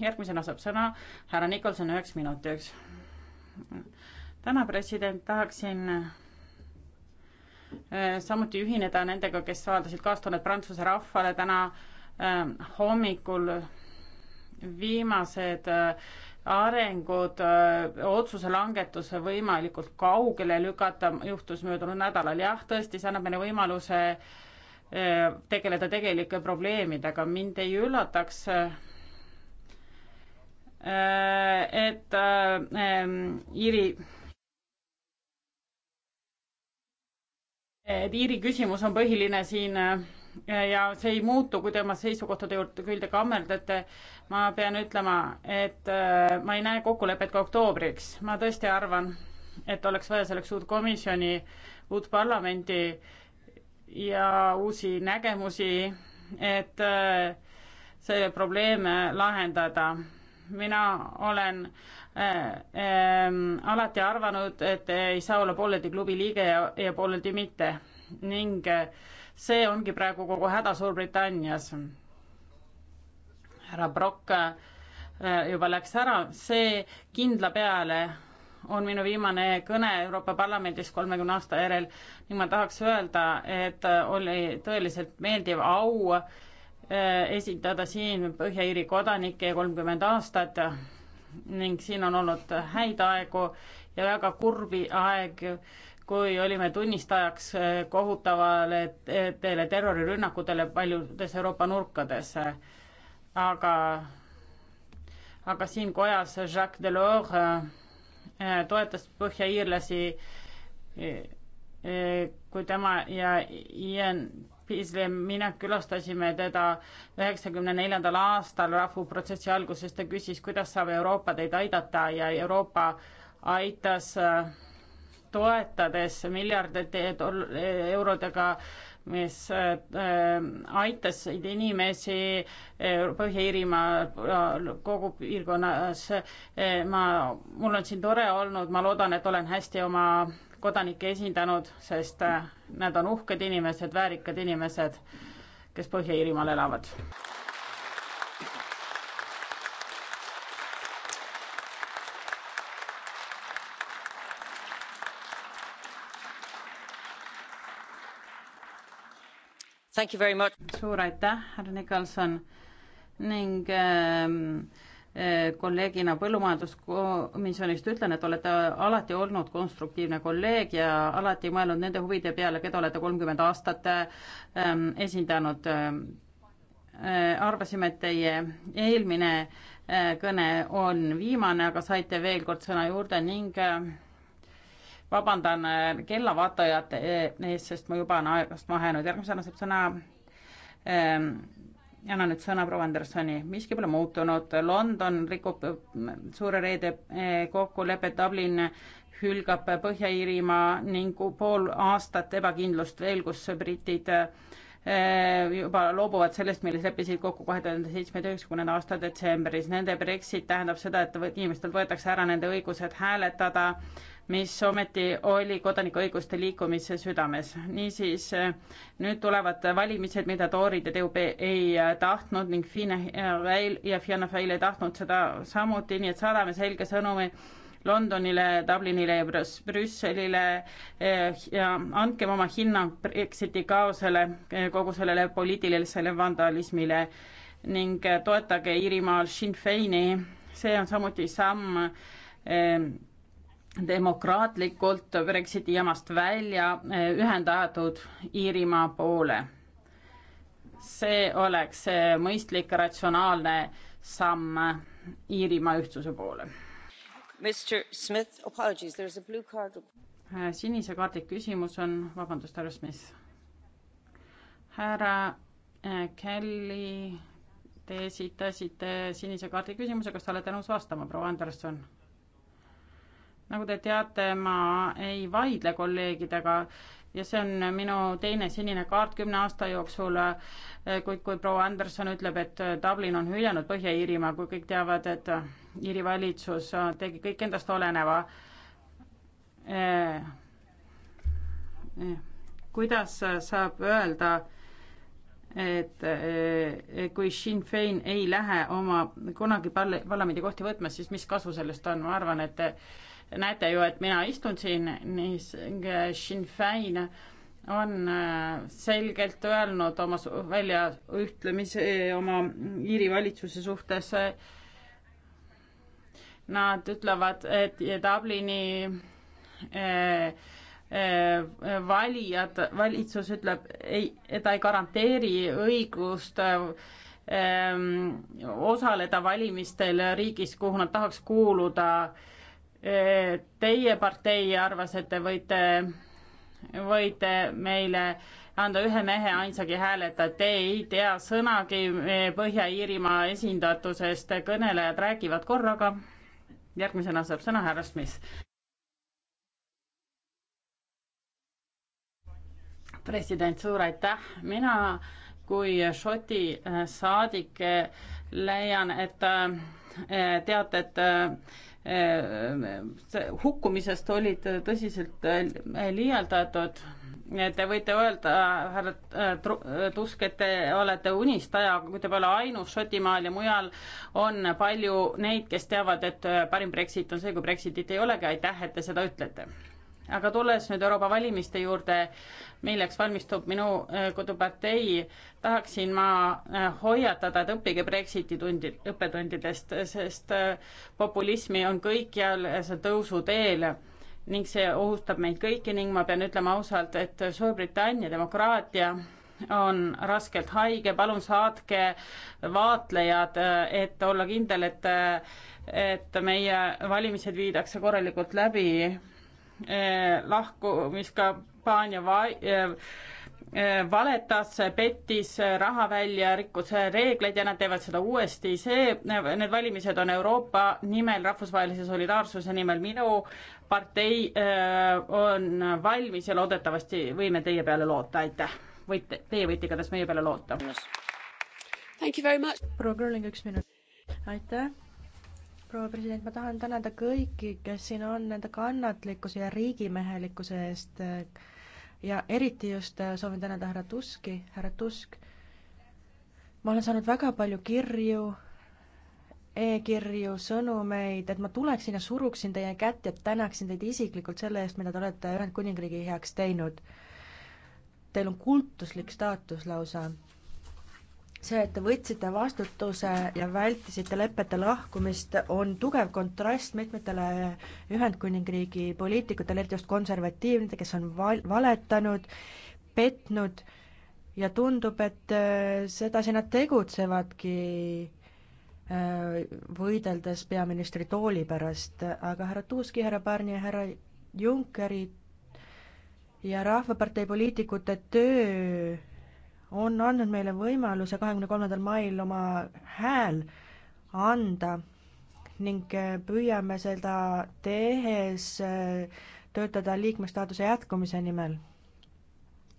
järgmisena saab sõna härra Nikolson üheks minutiks. täna president, tahaksin äh, samuti ühineda nendega, kes avaldasid kaastunnet Prantsuse rahvale täna ähm, hommikul viimased äh, arengud, äh, otsuse langetuse võimalikult kaugele lükata juhtus möödunud nädalal, jah, tõesti, see annab meile võimaluse tegeleda tegelike probleemidega, mind ei üllataks Äh, et äh, ähm, Iiri et Iiri küsimus on põhiline siin äh, ja see ei muutu, kui te oma seisukohtade juurde küll te kammerdate. ma pean ütlema, et ma ei näe kokkulepet ka oktoobriks, ma tõesti arvan, et oleks vaja selleks uut komisjoni, uut parlamenti ja uusi nägemusi, et see probleem lahendada mina olen äh, äh, alati arvanud, et ei saa olla pooleldi klubi liige ja, ja pooleldi mitte ning äh, see ongi praegu kogu häda Suurbritannias. härra Brock äh, juba läks ära, see kindla peale on minu viimane kõne Euroopa Parlamendis kolmekümne aasta järel ning ma tahaks öelda, et äh, oli tõeliselt meeldiv au äh, Äh, esindada siin Põhja-Iiri kodanikke kolmkümmend aastat ning siin on olnud häid aegu ja väga kurbi aeg, kui olime tunnistajaks äh, kohutavale teele terrorirünnakutele paljudes Euroopa nurkades. aga, aga siin kojas Jacques Delors äh, toetas põhjaiirlasi, kui tema ja Ian hiljem mina külastasime teda üheksakümne neljandal aastal rahvuprotsessi alguses, ta küsis, kuidas saab Euroopa teid aidata ja Euroopa aitas äh, toetades miljardite eurodega, mis äh, aitas inimesi äh, Põhja-Iirimaal kogu piirkonnas. ma, mul on siin tore olnud, ma loodan, et olen hästi oma kodanikke esindanud, sest äh, nad on uhked inimesed, väärikad inimesed, kes Põhja-Iirimaal elavad. suur aitäh, härra Nikolson ning ähm, kolleegina põllumajanduskomisjonist ütlen, et olete alati olnud konstruktiivne kolleeg ja alati mõelnud nende huvide peale, keda olete kolmkümmend aastat ähm, esindanud. Äh, arvasime, et teie eelmine äh, kõne on viimane, aga saite veel kord sõna juurde ning äh, vabandan kellavaatajate ees, sest ma juba olen aegast maha jäänud, järgmisena saab sõna ähm, annan nüüd sõna proua Andersoni, miski pole muutunud, London rikub mm, suure reede eh, kokkuleppe, Dublin hülgab Põhja-Iirimaa ning pool aastat ebakindlust veel, kus britid eh, juba loobuvad sellest, milles leppisid kokku kahe tuhande seitsmeteistkümnenda aasta detsembris. Nende Brexit tähendab seda, et inimestelt võetakse ära nende õigused hääletada mis ometi oli kodanikuõiguste liikumise südames. niisiis nüüd tulevad valimised, mida toorid ja TÜB ei tahtnud ning Fine Rail ja Fianna Fail ei tahtnud seda samuti, nii et saadame selge sõnumi Londonile, Dublinile ja Brüs-, Brüsselile eh, ja andkem oma hinnang Brexiti kaosele, eh, kogu sellele poliitilisele vandalismile ning eh, toetage Iirimaal Sinn Feini, see on samuti samm demokraatlikult Brexiti jamast välja eh, ühendatud Iirimaa poole. see oleks eh, mõistlik, ratsionaalne samm eh, Iirimaa ühtsuse poole. sinise kaardi küsimus on, vabandust, härra Smith. härra Kelly, te esitasite sinise kaardi küsimuse, kas te olete nõus vastama, proua Anderson? nagu te teate, ma ei vaidle kolleegidega ja see on minu teine sinine kaart kümne aasta jooksul, kuid kui proua Anderson ütleb, et Dublin on hüljanud Põhja-Iirimaa, kui kõik teavad, et Iiri valitsus tegi kõik endast oleneva, eh, eh, kuidas saab öelda, et eh, kui Sinn Fein ei lähe oma kunagi parle-, parlamendikohti võtma, siis mis kasu sellest on, ma arvan, et näete ju, et mina istun siin, nii äh, Sinn Fein on äh, selgelt öelnud oma välja ühtlemise äh, oma Iiri valitsuse suhtes. Nad ütlevad, et Dublini eh, eh, valijad, valitsus ütleb, ei, ta ei garanteeri õigust eh, osaleda valimistel riigis, kuhu nad tahaks kuuluda Teie partei arvas, et te võite, võite meile anda ühe mehe ainsagi hääle, et te ei tea sõnagi eh, Põhja-Iirimaa esindatusest, kõnelejad räägivad korraga. järgmisena saab sõna härra Smith. president, suur aitäh, mina kui Šoti eh, saadik eh, leian, et teated Äh, äh, hukkumisest olid tõsiselt äh, liialdatud. Te võite öelda, härra Tusk, et te olete unistaja, kui te pole ainus Šotimaal ja mujal on palju neid, kes teavad, et parim Brexit on see, kui Brexitit ei olegi, aitäh, et te seda ütlete. aga tulles nüüd Euroopa valimiste juurde, milleks valmistub minu äh, kodupartei, tahaksin ma äh, hoiatada, et õppige Brexiti tundi, õppetundidest, sest äh, populismi on kõikjal, see on tõusuteel ning see ohustab meid kõiki ning ma pean ütlema ausalt, et Suurbritannia demokraatia on raskelt haige, palun saatke vaatlejad, et olla kindel, et, et meie valimised viidakse korralikult läbi eh,. lahkumis ka kampaania va-, äh, äh, valetas, pettis raha välja, rikkus reegleid ja nad teevad seda uuesti, see, need valimised on Euroopa nimel, rahvusvahelise solidaarsuse nimel, minu partei äh, on valmis ja loodetavasti võime teie peale loota, aitäh. võite, teie võite igatahes meie peale loota. proua Gröling, üks minut. aitäh proua president, ma tahan tänada kõiki, kes siin on nende kannatlikkuse ja riigimehelikkuse eest ja eriti just äh, soovin tänada härra Tuski, härra Tusk. ma olen saanud väga palju kirju e-kirju, sõnumeid, et ma tuleksin ja suruksin teie kätt ja tänaksin teid isiklikult selle eest, mida te olete Ühendkuningriigi heaks teinud. Teil on kultuslik staatus lausa see, et te võtsite vastutuse ja vältisite lepete lahkumist, on tugev kontrast mitmetele Ühendkuningriigi poliitikutele, eriti just konservatiivide, kes on val-, valetanud, petnud ja tundub, et äh, sedasi nad tegutsevadki äh, võideldes peaministri tooli pärast, aga härra Tuski, härra Barni ja härra Junckeri ja Rahvapartei poliitikute töö on andnud meile võimaluse kahekümne kolmandal mail oma hääl anda ning äh, püüame seda tehes äh, töötada liikmestaatuse jätkumise nimel.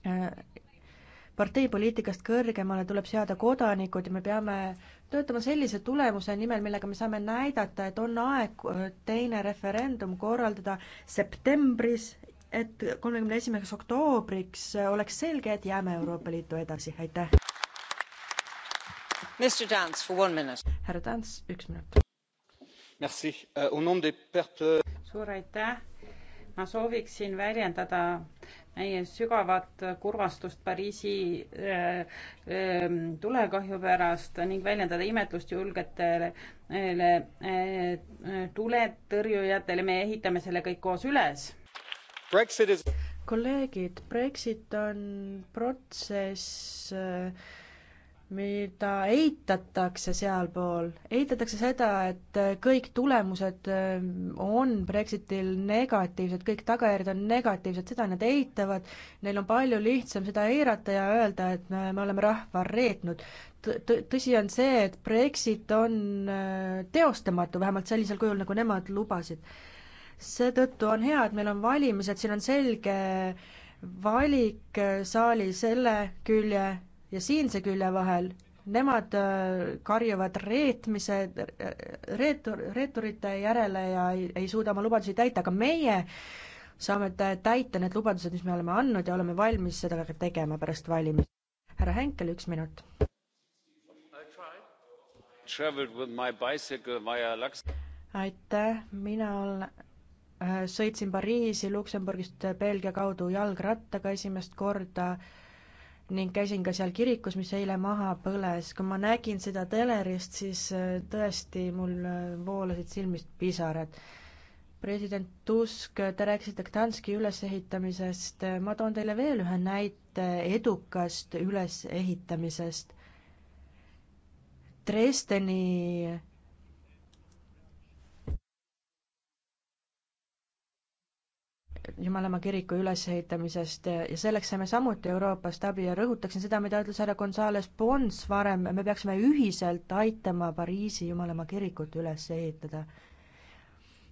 Äh, parteipoliitikast kõrgemale tuleb seada kodanikud ja me peame töötama sellise tulemuse nimel, millega me saame näidata, et on aeg teine referendum korraldada septembris et kolmekümne esimeseks oktoobriks oleks selge, et jääme Euroopa Liitu edasi, aitäh. härra Tants, üks minut. Euh, suur aitäh. ma sooviksin väljendada meie sügavat kurvastust Pariisi äh, äh, tulekahju pärast ning väljendada imetlust julgetele äh, äh, tuletõrjujatele. me ehitame selle kõik koos üles Is... kolleegid, Brexit on protsess, mida eitatakse sealpool, eitatakse seda, et kõik tulemused ähm, on Brexitil negatiivsed, kõik tagajärjed on negatiivsed, seda nad eitavad, neil on palju lihtsam seda eirata ja öelda, et me, me oleme rahva reetnud tõsi on see, et Brexit on äh, teostamatu, vähemalt sellisel kujul, nagu nemad lubasid seetõttu on hea, et meil on valimised, siin on selge valik äh, saali selle külje ja siinse külje vahel. Nemad äh, karjuvad reetmise, äh, reetur, reeturite järele ja ei, ei suuda oma lubadusi täita, aga meie saame täita need lubadused, mis me oleme andnud ja oleme valmis seda ka tegema pärast valimisi. härra Henkel, üks minut. aitäh, mina olen Äh, sõitsin Pariisi Luksemburgist äh, Belgia kaudu jalgrattaga esimest korda ning käisin ka seal kirikus, mis eile maha põles. kui ma nägin seda telerist, siis äh, tõesti mul voolasid silmist pisarad. president Tusk, te rääkisite Gdanski ülesehitamisest, ma toon teile veel ühe näite edukast ülesehitamisest. Dresdeni Jumalamaa kiriku ülesehitamisest ja selleks saime samuti Euroopast abi ja rõhutaksin seda, mida ütles härra Gonzales Pons varem, me peaksime ühiselt aitama Pariisi Jumalamaa kirikut üles ehitada.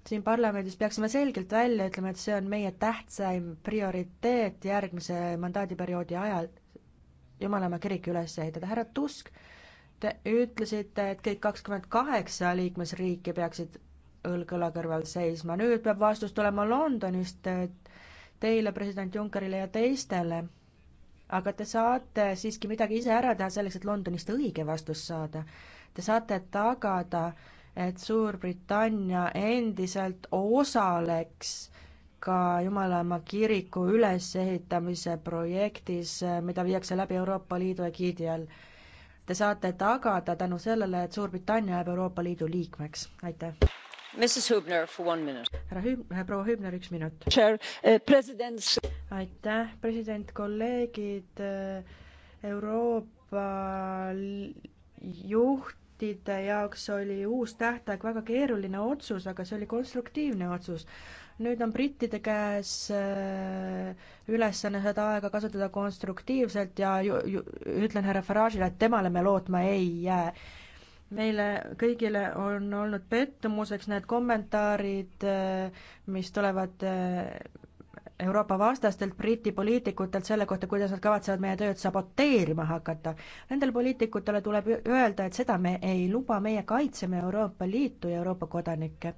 siin parlamendis peaksime selgelt välja ütlema, et see on meie tähtsaim prioriteet järgmise mandaadiperioodi ajal, Jumalamaa kirik üles ehitada, härra Tusk, te ütlesite, et kõik kakskümmend kaheksa liikmesriiki peaksid õlg õla kõrval seisma. nüüd peab vastus tulema Londonist teile, president Junckerile ja teistele. aga te saate siiski midagi ise ära teha selleks, et Londonist õige vastus saada. Te saate tagada, et Suurbritannia endiselt osaleks ka Jumalamaa kiriku ülesehitamise projektis, mida viiakse läbi Euroopa Liidu egiidi all te saate tagada tänu sellele, et Suurbritannia jääb Euroopa Liidu liikmeks, aitäh! härra Hüb-, proua Hübner, üks minut. Eh, aitäh, president, kolleegid, eh, Euroopa juhtide jaoks oli uus tähtaeg väga keeruline otsus, aga see oli konstruktiivne otsus nüüd on brittide käes eh, ülesanne seda aega kasutada konstruktiivselt ja ju, ju, ütlen härra Farage'ile, et temale me lootma ei jää meile kõigile on olnud pettumuseks need kommentaarid, eh, mis tulevad eh, Euroopa vastastelt Briti poliitikutelt selle kohta, kuidas nad kavatsevad meie tööd saboteerima hakata. Nendele poliitikutele tuleb öelda, et seda me ei luba, meie kaitseme Euroopa Liitu ja Euroopa kodanikke.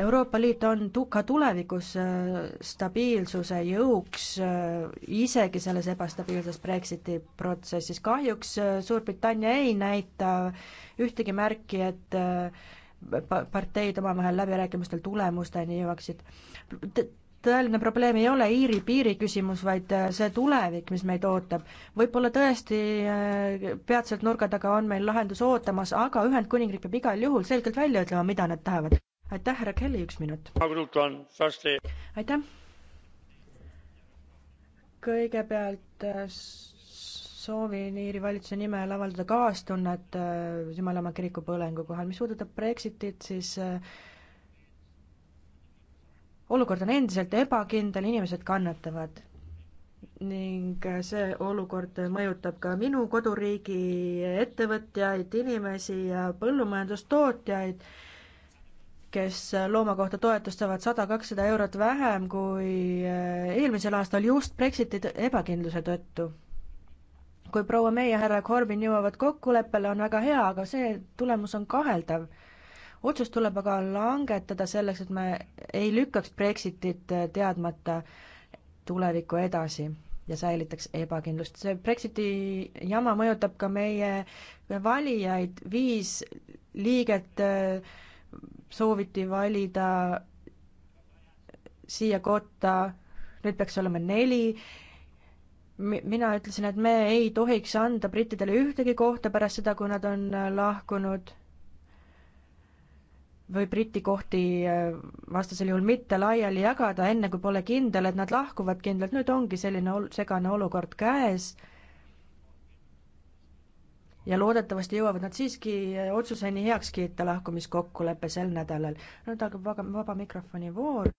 Euroopa Liit on tu-, ka tulevikus äh, stabiilsuse jõuks, äh, isegi selles ebastabiilses Brexiti protsessis. kahjuks äh, Suurbritannia ei näita ühtegi märki, et parteid omavahel läbirääkimistel tulemusteni jõuaksid. tõeline probleem ei ole Iiri piiri küsimus, vaid see tulevik, mis meid ootab. võib-olla tõesti peatselt nurga taga on meil lahendus ootamas, aga Ühendkuningriik peab igal juhul selgelt välja ütlema, mida nad tahavad aitäh, härra Kelly, üks minut. aitäh. kõigepealt äh, soovin Iiri valitsuse nimel avaldada kaastunnet äh, Jumalamaa kiriku põlengu kohal, mis puudutab Brexitit, siis äh, olukord on endiselt ebakindel, inimesed kannatavad ning see olukord mõjutab ka minu koduriigi ettevõtjaid, inimesi ja põllumajandustootjaid kes looma kohta toetust saavad sada, kakssada eurot vähem kui eh, eelmisel aastal just Brexiti ebakindluse tõttu. kui proua May ja härra Corbyn jõuavad kokkuleppele, on väga hea, aga see tulemus on kaheldav. otsus tuleb aga langetada selleks, et me ei lükkaks Brexitit eh, teadmata tulevikku edasi ja säilitaks ebakindlust. see Brexiti jama mõjutab ka meie valijaid, viis liiget äh, sooviti valida siia kotta, nüüd peaks olema neli, mina ütlesin, et me ei tohiks anda brittidele ühtegi kohta pärast seda, kui nad on äh, lahkunud või Briti kohti äh, vastasel juhul mitte laiali jagada, enne kui pole kindel, et nad lahkuvad kindlalt, nüüd ongi selline ol-, segane olukord käes ja loodetavasti jõuavad nad siiski eh, otsuseni heaks kiita lahkumiskokkulepe sel nädalal. nüüd algab vaba, vaba mikrofoni voor.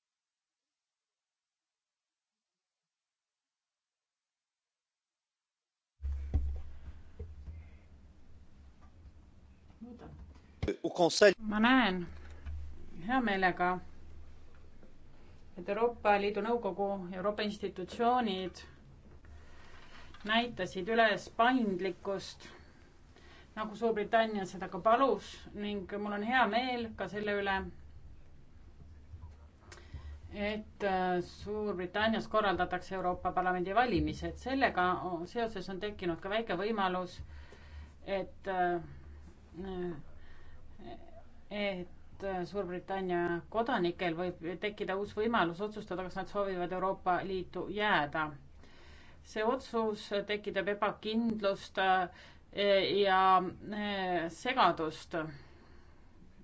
ma näen hea meelega, et Euroopa Liidu Nõukogu, Euroopa institutsioonid näitasid üles paindlikkust nagu Suurbritannia seda ka palus ning mul on hea meel ka selle üle, et äh, Suurbritannias korraldatakse Euroopa Parlamendi valimised. sellega seoses on tekkinud ka väike võimalus, et, äh, et äh, Suurbritannia kodanikel võib tekkida uus võimalus otsustada, kas nad soovivad Euroopa Liitu jääda. see otsus tekitab ebakindlust äh, ja eh, segadust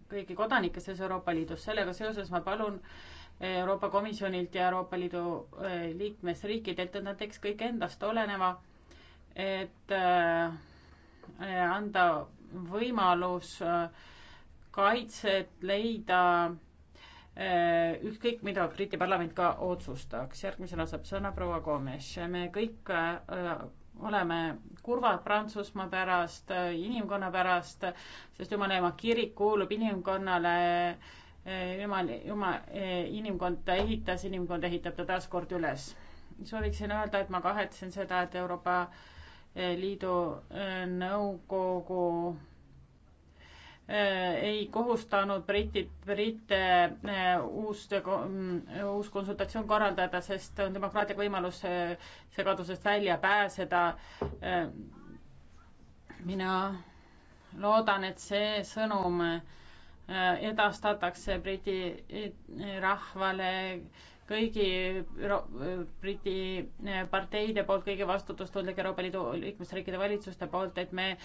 kõiki kodanikke selles Euroopa Liidus. sellega seoses ma palun eh, Euroopa Komisjonilt ja Euroopa Liidu eh, liikmesriikidelt, et nad teeks kõik endast oleneva, et anda võimalus kaitset leida ükskõik, mida Briti parlament ka otsustaks. järgmisena saab sõna proua Gomes. me kõik oleme kurvad Prantsusmaa pärast, inimkonna pärast, sest Jumala ema kirik kuulub inimkonnale. Jumal, Jumal, inimkond ta ehitas, inimkond ehitab ta taaskord üles. sooviksin öelda, et ma kahetsen seda, et Euroopa Liidu äh, Nõukogu Äh, ei kohustanud britid, britte äh, uus, äh, mm, uus konsultatsioon korraldada, sest on demokraatia võimalus segadusest välja pääseda. mina loodan, et see sõnum edastatakse Briti rahvale kõigi Briti parteide poolt, kõigi vastutustundlike Euroopa Liidu liikmesriikide valitsuste poolt, et me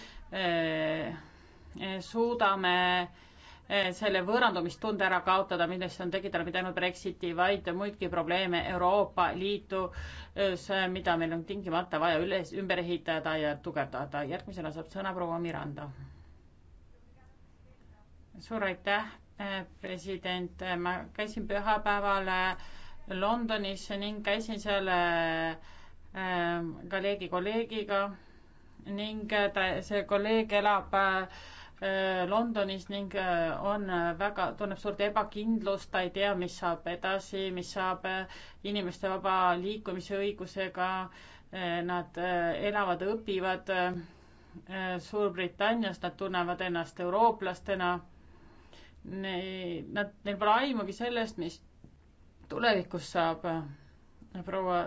suudame eh, selle võõrandumistunde ära kaotada, millest on tekitanud mitte ainult Brexiti, vaid muidki probleeme Euroopa Liidus, eh, mida meil on tingimata vaja üles, ümber ehitada ja tugevdada. järgmisena saab sõna proua Miranda. suur aitäh, eh, president, ma käisin pühapäeval Londonis ning käisin seal kolleegi kolleegiga ning ta, see kolleeg elab äh, Äh, Londonis ning äh, on äh, väga, tunneb suurt ebakindlust, ta ei tea, mis saab edasi, mis saab inimeste vaba liikumise õigusega. Nad elavad, õpivad Suurbritannias, nad tunnevad ennast eurooplastena. Nad, neil pole aimugi sellest, mis tulevikus saab. proua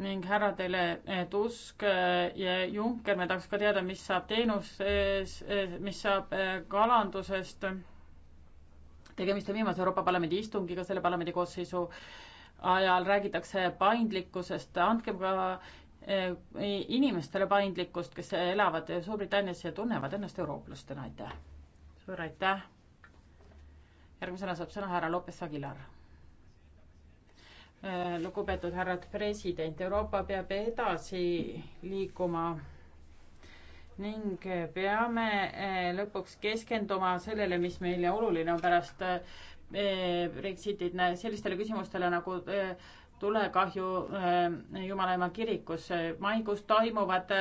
ning härradele Tusk eh, ja Juncker, me tahaks ka teada, mis saab teenuses, eh, mis saab eh, kalandusest. tegemist on viimase Euroopa Parlamendi istungiga selle parlamendi koosseisu ajal, räägitakse paindlikkusest, andkem ka inimestele paindlikkust, kes elavad Suurbritannias ja tunnevad ennast eurooplastena, aitäh. suur aitäh. järgmisena saab sõna härra Lopez Aguilar Äh, lugupeetud härrad president, Euroopa peab edasi liikuma ning peame äh, lõpuks keskenduma sellele, mis meile oluline on pärast äh, Brexitit, sellistele küsimustele nagu tulekahju Jumala ema kirikus. maikuus toimuvad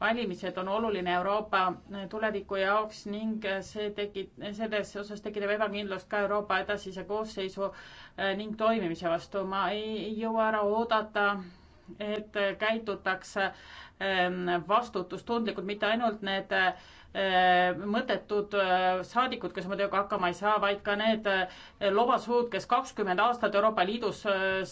valimised on oluline Euroopa tuleviku jaoks ning see tekit-, selles osas tekitab ebakindlust ka Euroopa edasise koosseisu äh, ning toimimise vastu. ma ei jõua ära oodata, et käitutakse ähm, vastutustundlikult, mitte ainult need äh, Äh, mõttetud äh, saadikud, kes oma tööga hakkama ei saa, vaid ka need äh, lobasuud, kes kakskümmend aastat Euroopa Liidus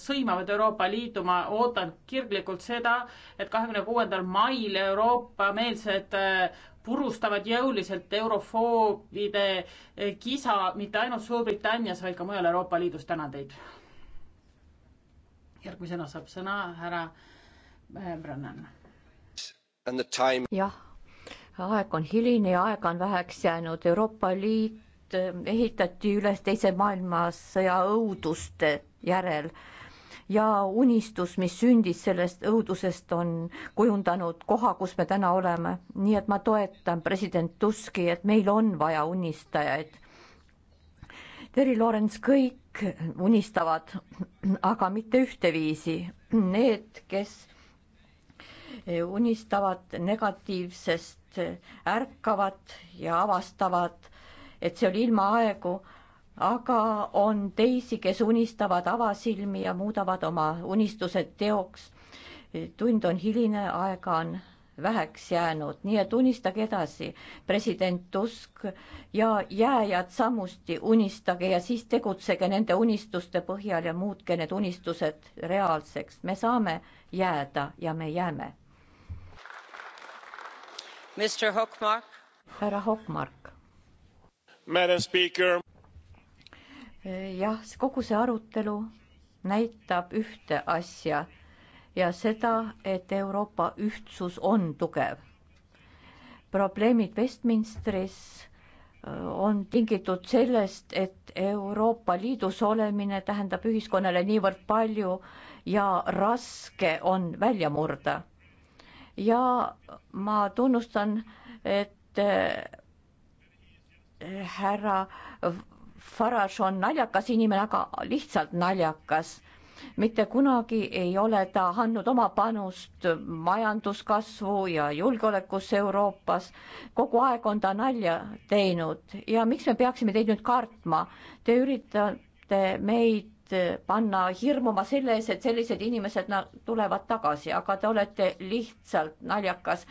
sõimavad Euroopa Liitu. ma ootan kirglikult seda, et kahekümne kuuendal mail Euroopa-meelsed purustavad jõuliselt eurofoobide kisa mitte ainult Suurbritannias, vaid ka mujal Euroopa Liidus. tänan teid. järgmisena saab sõna härra Brennan. jah aeg on hiline ja aega on väheks jäänud. Euroopa Liit eh, ehitati üles Teise maailmasõja õuduste järel ja unistus, mis sündis sellest õudusest, on kujundanud koha, kus me täna oleme. nii et ma toetan president Tuski, et meil on vaja unistajaid. Terry Lawrence, kõik unistavad, aga mitte ühteviisi. Need, kes unistavad negatiivsest, ärkavad ja avastavad, et see oli ilmaaegu, aga on teisi, kes unistavad avasilmi ja muudavad oma unistused teoks. tund on hiline, aega on väheks jäänud, nii et unistage edasi, president Tusk ja jääjad samuti unistage ja siis tegutsege nende unistuste põhjal ja muutke need unistused reaalseks. me saame jääda ja me jääme härra Hokmark. jah, kogu see arutelu näitab ühte asja ja seda, et Euroopa ühtsus on tugev. probleemid Westminsteris äh, on tingitud sellest, et Euroopa Liidus olemine tähendab ühiskonnale niivõrd palju ja raske on välja murda ja ma tunnustan, et eh, härra Farage on naljakas inimene, aga lihtsalt naljakas. mitte kunagi ei ole ta andnud oma panust majanduskasvu ja julgeolekusse Euroopas. kogu aeg on ta nalja teinud ja miks me peaksime teid nüüd kartma? Te üritate meid panna hirmuma selle ees, et sellised inimesed tulevad tagasi, aga te olete lihtsalt naljakas.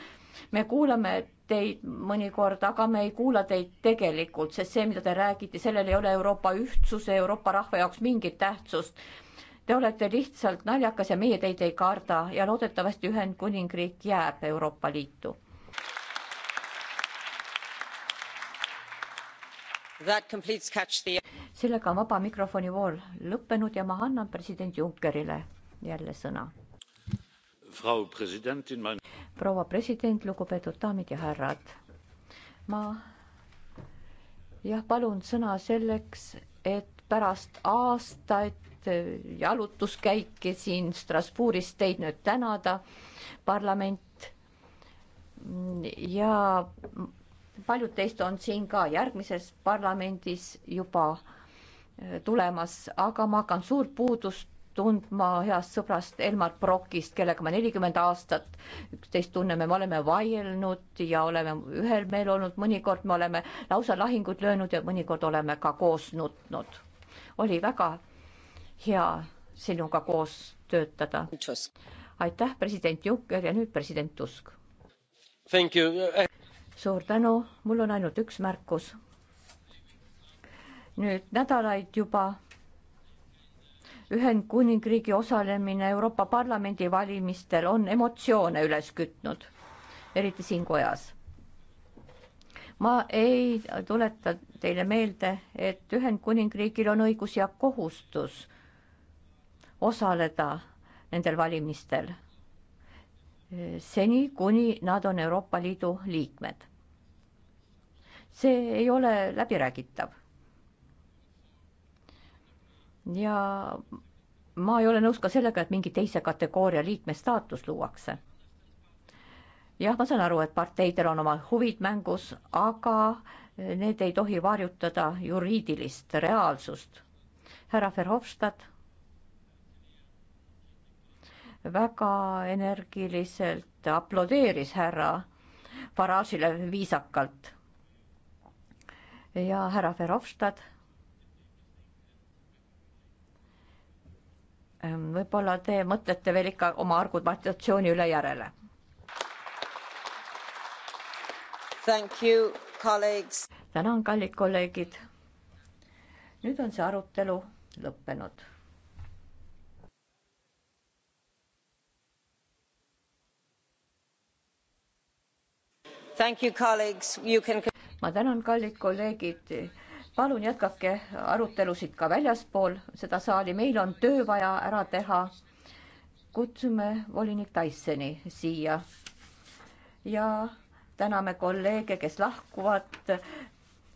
me kuulame teid mõnikord, aga me ei kuula teid tegelikult, sest see, mida te räägite, sellel ei ole Euroopa ühtsuse, Euroopa rahva jaoks mingit tähtsust. Te olete lihtsalt naljakas ja meie teid ei karda ja loodetavasti Ühendkuningriik jääb Euroopa Liitu. The sellega on vaba mikrofoni voor lõppenud ja ma annan president Junckerile jälle sõna. proua president, lugupeetud daamid ja härrad. ma jah, palun sõna selleks, et pärast aastaid jalutuskäike siin Strasbourgis teid nüüd tänada, parlament ja paljud teist on siin ka järgmises parlamendis juba tulemas, aga ma hakkan suurt puudust tundma heast sõbrast Elmar Brokist, kellega ma nelikümmend aastat üksteist tunneme, me oleme vaielnud ja oleme ühel meel olnud, mõnikord me oleme lausa lahingud löönud ja mõnikord oleme ka koos nutnud. oli väga hea sinuga koos töötada. aitäh, president Juncker ja nüüd president Tusk. suur tänu, mul on ainult üks märkus nüüd nädalaid juba Ühendkuningriigi osalemine Euroopa Parlamendi valimistel on emotsioone üles kütnud, eriti siin kojas. ma ei tuleta teile meelde, et Ühendkuningriigil on õigus ja kohustus osaleda nendel valimistel seni, kuni nad on Euroopa Liidu liikmed. see ei ole läbiräägitav ja ma ei ole nõus ka sellega, et mingi teise kategooria liikme staatus luuakse. jah, ma saan aru, et parteidel on oma huvid mängus, aga need ei tohi varjutada juriidilist reaalsust. härra Verhofstadt väga energiliselt aplodeeris härra Farage'ile viisakalt. ja härra Verhofstadt Ehm, võib-olla te mõtlete veel ikka oma argumentatsiooni üle järele. tänan, kallid kolleegid. nüüd on see arutelu lõppenud You, ma tänan kallid kolleegid palun jätkake arutelusid ka väljaspool seda saali, meil on töö vaja ära teha. kutsume volinik Tysoni siia ja täname kolleege, kes lahkuvad.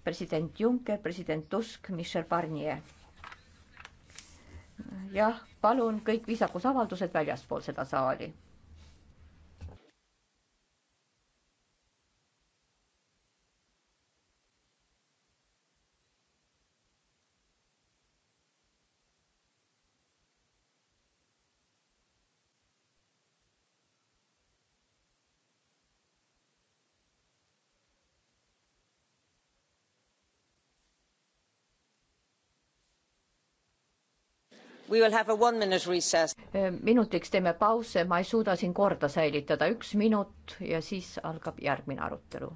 president Juncker, president Tusk, Michel Barnier. jah, palun kõik viisakusavaldused väljaspool seda saali minutiks teeme pause, ma ei suuda siin korda säilitada, üks minut ja siis algab järgmine arutelu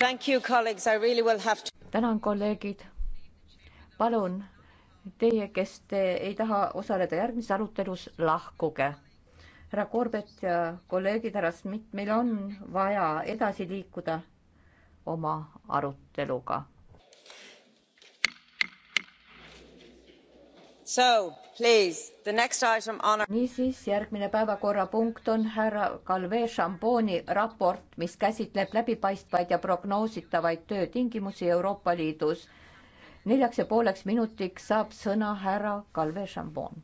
Really to... tänan, kolleegid. palun, teie, kes te ei taha osaleda järgmises arutelus, lahkuge. härra Korbet ja kolleegid, härra Schmidt, meil on vaja edasi liikuda oma aruteluga On... niisiis, järgmine päevakorrapunkt on härra Calvet Šamboni raport, mis käsitleb läbipaistvaid ja prognoositavaid töötingimusi Euroopa Liidus. neljaks ja pooleks minutiks saab sõna härra Calvet Šambon.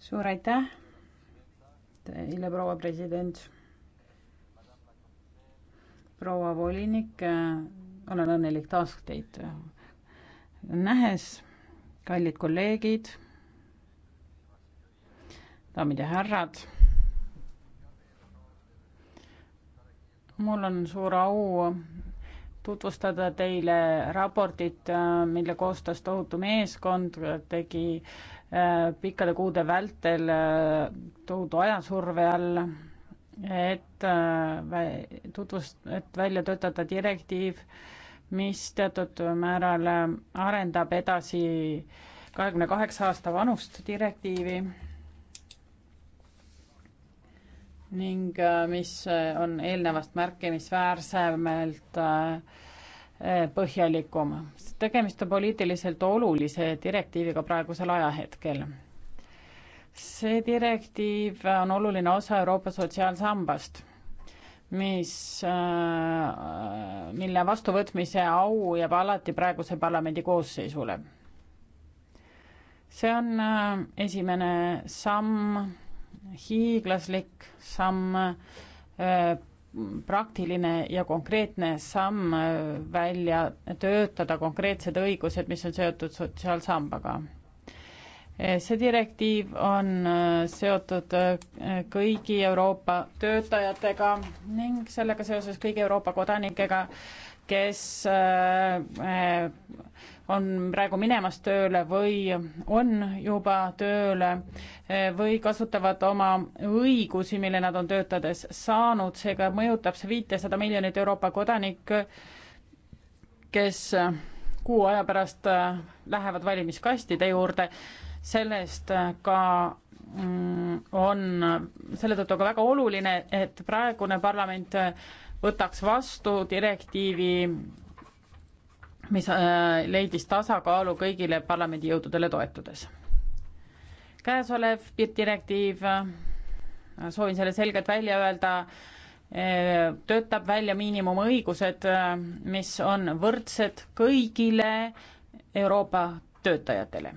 suur aitäh teile, proua president proua volinik, äh, olen õnnelik taas teid äh, nähes, kallid kolleegid, daamid ja härrad. mul on suur au tutvustada teile raportit, äh, mille koostas tohutu meeskond, tegi pikkade kuude vältel tohutu ajasurve all et äh, tutvust-, et välja töötada direktiiv, mis teatud määral äh, arendab edasi kahekümne kaheksa aasta vanust direktiivi ning äh, mis on eelnevast märkimisväärsemalt põhjalikum. tegemist on poliitiliselt olulise direktiiviga praegusel ajahetkel see direktiiv on oluline osa Euroopa sotsiaalsambast, mis, äh, mille vastuvõtmise au jääb alati praeguse parlamendi koosseisule. see on äh, esimene samm, hiiglaslik samm, äh, praktiline ja konkreetne samm välja töötada konkreetsed õigused, mis on seotud sotsiaalsambaga Eh, see direktiiv on eh, seotud eh, kõigi Euroopa töötajatega ning sellega seoses kõigi Euroopa kodanikega, kes on praegu minemas tööle või on juba tööle või kasutavad oma õigusi, mille nad on töötades saanud, seega mõjutab see viitesada miljonit Euroopa kodanikku, kes kuu aja pärast lähevad valimiskastide juurde sellest äh, ka mm, on, selle tõttu ka väga oluline, et praegune parlament äh, võtaks vastu direktiivi, mis äh, leidis tasakaalu kõigile parlamendijõududele toetudes. käesolev direktiiv, soovin selle selgelt välja öelda, töötab välja miinimumõigused, mis on võrdsed kõigile Euroopa töötajatele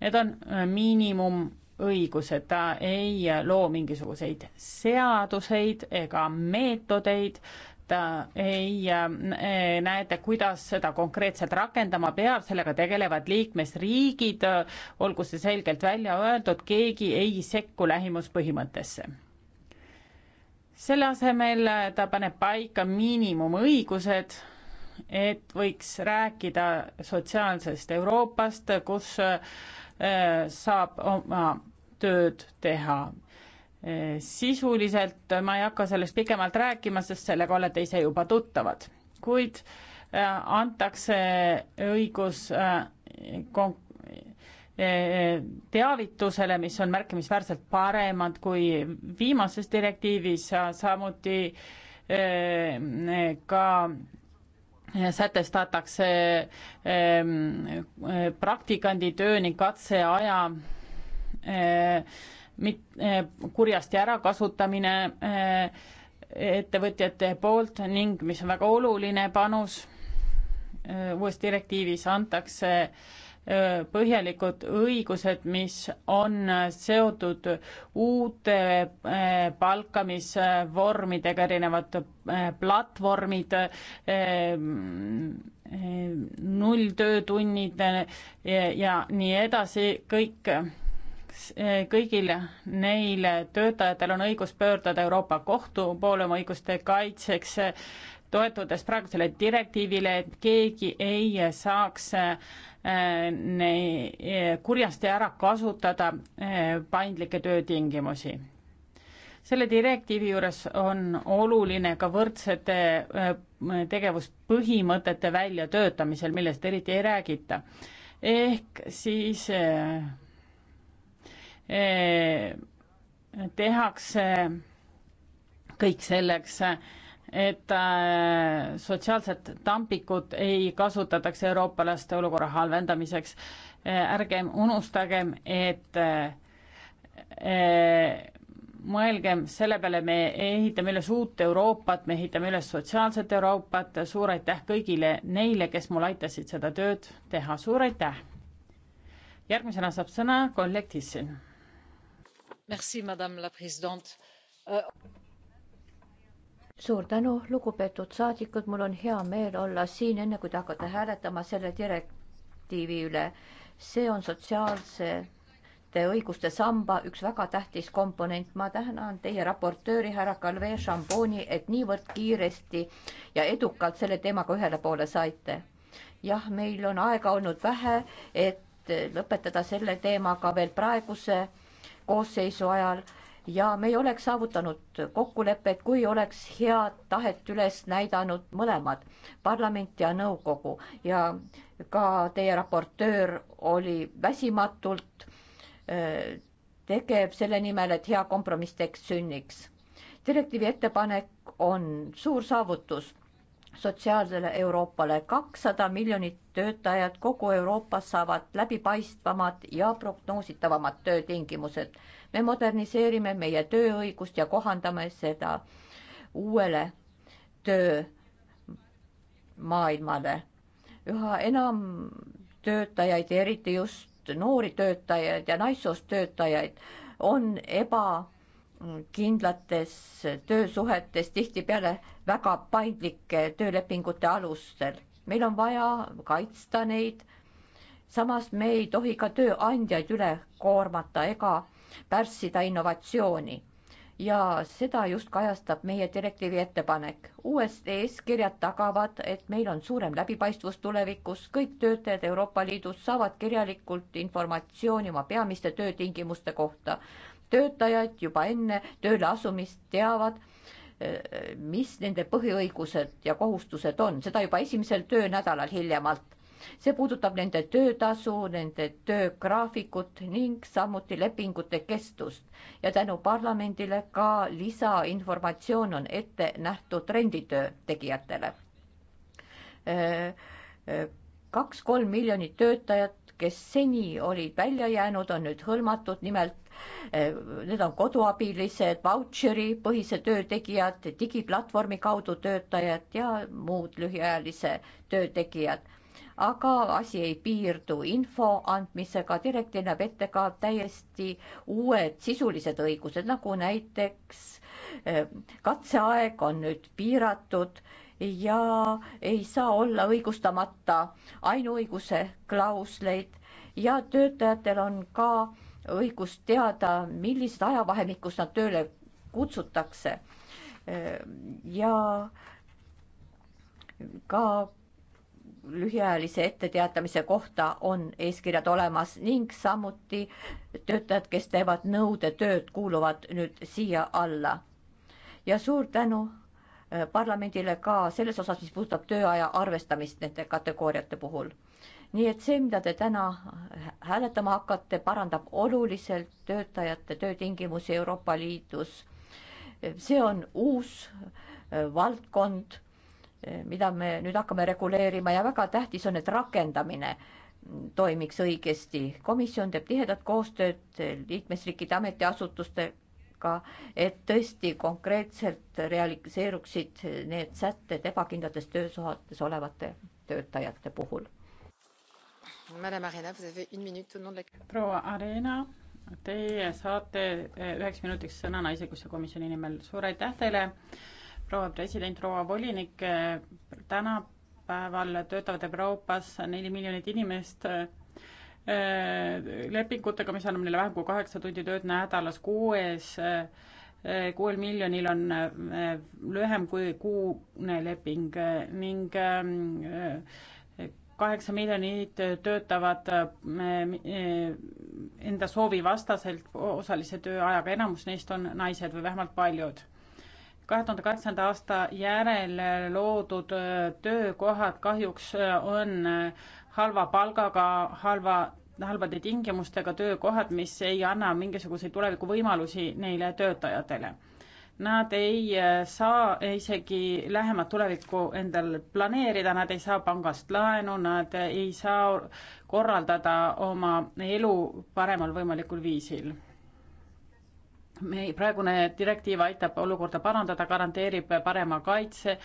Need on äh, miinimumõigused, ta ei loo mingisuguseid seaduseid ega meetodeid, ta ei äh, äh, näe ette, kuidas seda konkreetselt rakendama peab, sellega tegelevad liikmesriigid, olgu see selgelt välja öeldud, keegi ei sekku lähimuspõhimõttesse. selle asemel ta paneb paika miinimumõigused, et võiks rääkida sotsiaalsest Euroopast, kus Äh, saab oma tööd teha. Äh, sisuliselt ma ei hakka sellest pikemalt rääkima, sest sellega olete ise juba tuttavad, kuid äh, antakse õigus teavitusele, mis on märkimisväärselt paremad kui viimases direktiivis, samuti ka sätestatakse ehm, praktikandi töö ning katseaja eh, mit-, eh, kurjasti ärakasutamine eh, ettevõtjate poolt ning mis on väga oluline panus, uues direktiivis antakse põhjalikud õigused, mis on seotud uute palkamisvormidega, erinevad platvormid, nulltöötunnid ja nii edasi, kõik, kõigil neil töötajatel on õigus pöörduda Euroopa Kohtu poole oma õiguste kaitseks toetudes praegusele direktiivile, et keegi ei saaks Äh, äh, kurjasti ära kasutada äh, paindlikke töötingimusi. selle direktiivi juures on oluline ka võrdsete tegevuspõhimõtete väljatöötamisel, millest eriti ei räägita. ehk siis tehakse kõik selleks, et äh, sotsiaalset tambikut ei kasutataks eurooplaste olukorra halvendamiseks. Äh, ärgem unustagem, et äh, mõelgem selle peale, me ehitame üles uut Euroopat, me ehitame üles sotsiaalset Euroopat, suur aitäh kõigile neile, kes mul aitasid seda tööd teha, suur aitäh! järgmisena saab sõna kolleeg Tissin. Merci, madame la president euh, suur tänu, lugupeetud saadikud, mul on hea meel olla siin, enne kui te hakkate hääletama selle direktiivi üle. see on sotsiaalsete õiguste samba üks väga tähtis komponent. ma tänan teie raportööri härra Calvee Šamboni, et niivõrd kiiresti ja edukalt selle teemaga ühele poole saite. jah, meil on aega olnud vähe, et lõpetada selle teemaga veel praeguse koosseisu ajal ja me ei oleks saavutanud kokkulepet, kui oleks head tahet üles näidanud mõlemad, parlament ja nõukogu ja ka teie raportöör oli väsimatult äh, tegev selle nimel, et hea kompromisstekst sünniks. direktiivi ettepanek on suur saavutus sotsiaalsele Euroopale. kakssada miljonit töötajat kogu Euroopas saavad läbipaistvamad ja prognoositavamad töötingimused me moderniseerime meie tööõigust ja kohandame seda uuele töömaailmale. üha enam töötajaid, eriti just noori töötajaid ja naissoost töötajaid, on ebakindlates töösuhetes, tihtipeale väga paindlike töölepingute alustel. meil on vaja kaitsta neid. samas me ei tohi ka tööandjaid üle koormata ega pärssida innovatsiooni ja seda just kajastab meie direktiivi ettepanek. uuest eeskirjad tagavad, et meil on suurem läbipaistvus tulevikus, kõik töötajad Euroopa Liidus saavad kirjalikult informatsiooni oma peamiste töötingimuste kohta. töötajad juba enne tööle asumist teavad, eh, mis nende põhiõigused ja kohustused on, seda juba esimesel töönädalal hiljemalt see puudutab nende töötasu, nende töögraafikut ning samuti lepingute kestust ja tänu parlamendile ka lisainformatsioon on ette nähtud renditöö tegijatele. Äh, äh, kaks-kolm miljonit töötajat, kes seni olid välja jäänud, on nüüd hõlmatud, nimelt äh, need on koduabilised, vautšeri põhise töö tegijad, digiplatvormi kaudu töötajad ja muud lühiajalise töö tegijad aga asi ei piirdu info andmisega, direktiiv näeb ette ka täiesti uued sisulised õigused, nagu näiteks eh, katseaeg on nüüd piiratud ja ei saa olla õigustamata ainuõiguse klausleid ja töötajatel on ka õigus teada, millises ajavahemikus nad tööle kutsutakse. Eh, ja ka lühiajalise etteteatamise kohta on eeskirjad olemas ning samuti töötajad, kes teevad nõudetööd, kuuluvad nüüd siia alla. ja suur tänu äh, parlamendile ka selles osas, mis puudutab tööaja arvestamist nende kategooriate puhul. nii et see, mida te täna hääletama hakkate, parandab oluliselt töötajate töötingimusi Euroopa Liidus. Äh, see on uus äh, valdkond Eh, mida me nüüd hakkame reguleerima ja väga tähtis on, et rakendamine toimiks õigesti. komisjon teeb tihedat koostööd liikmesriikide ametiasutustega, et tõesti konkreetselt realiseeruksid need sätted ebakindlates töösuhates olevate töötajate puhul. proua Arena, teie saate eh, üheks minutiks sõna Naisõiguste komisjoni nimel. suur aitäh teile proua president, proua volinik, tänapäeval töötavad Euroopas neli miljonit inimest äh, lepingutega, mis annab neile vähem kui kaheksa tundi tööd nädalas, kuues, äh, kuuel miljonil on äh, lühem kui kuune leping ning kaheksa miljonit töötavad enda soovi vastaselt osalise tööajaga, enamus neist on naised või vähemalt paljud kahe tuhande kaheksanda aasta järel loodud äh, töökohad kahjuks äh, on äh, halva palgaga, halva, halbade tingimustega töökohad, mis ei anna mingisuguseid tulevikuvõimalusi neile töötajatele. Nad ei saa isegi lähemat tulevikku endal planeerida, nad ei saa pangast laenu, nad ei saa korraldada oma elu paremal võimalikul viisil meie praegune direktiiv aitab olukorda parandada, garanteerib parema kaitse,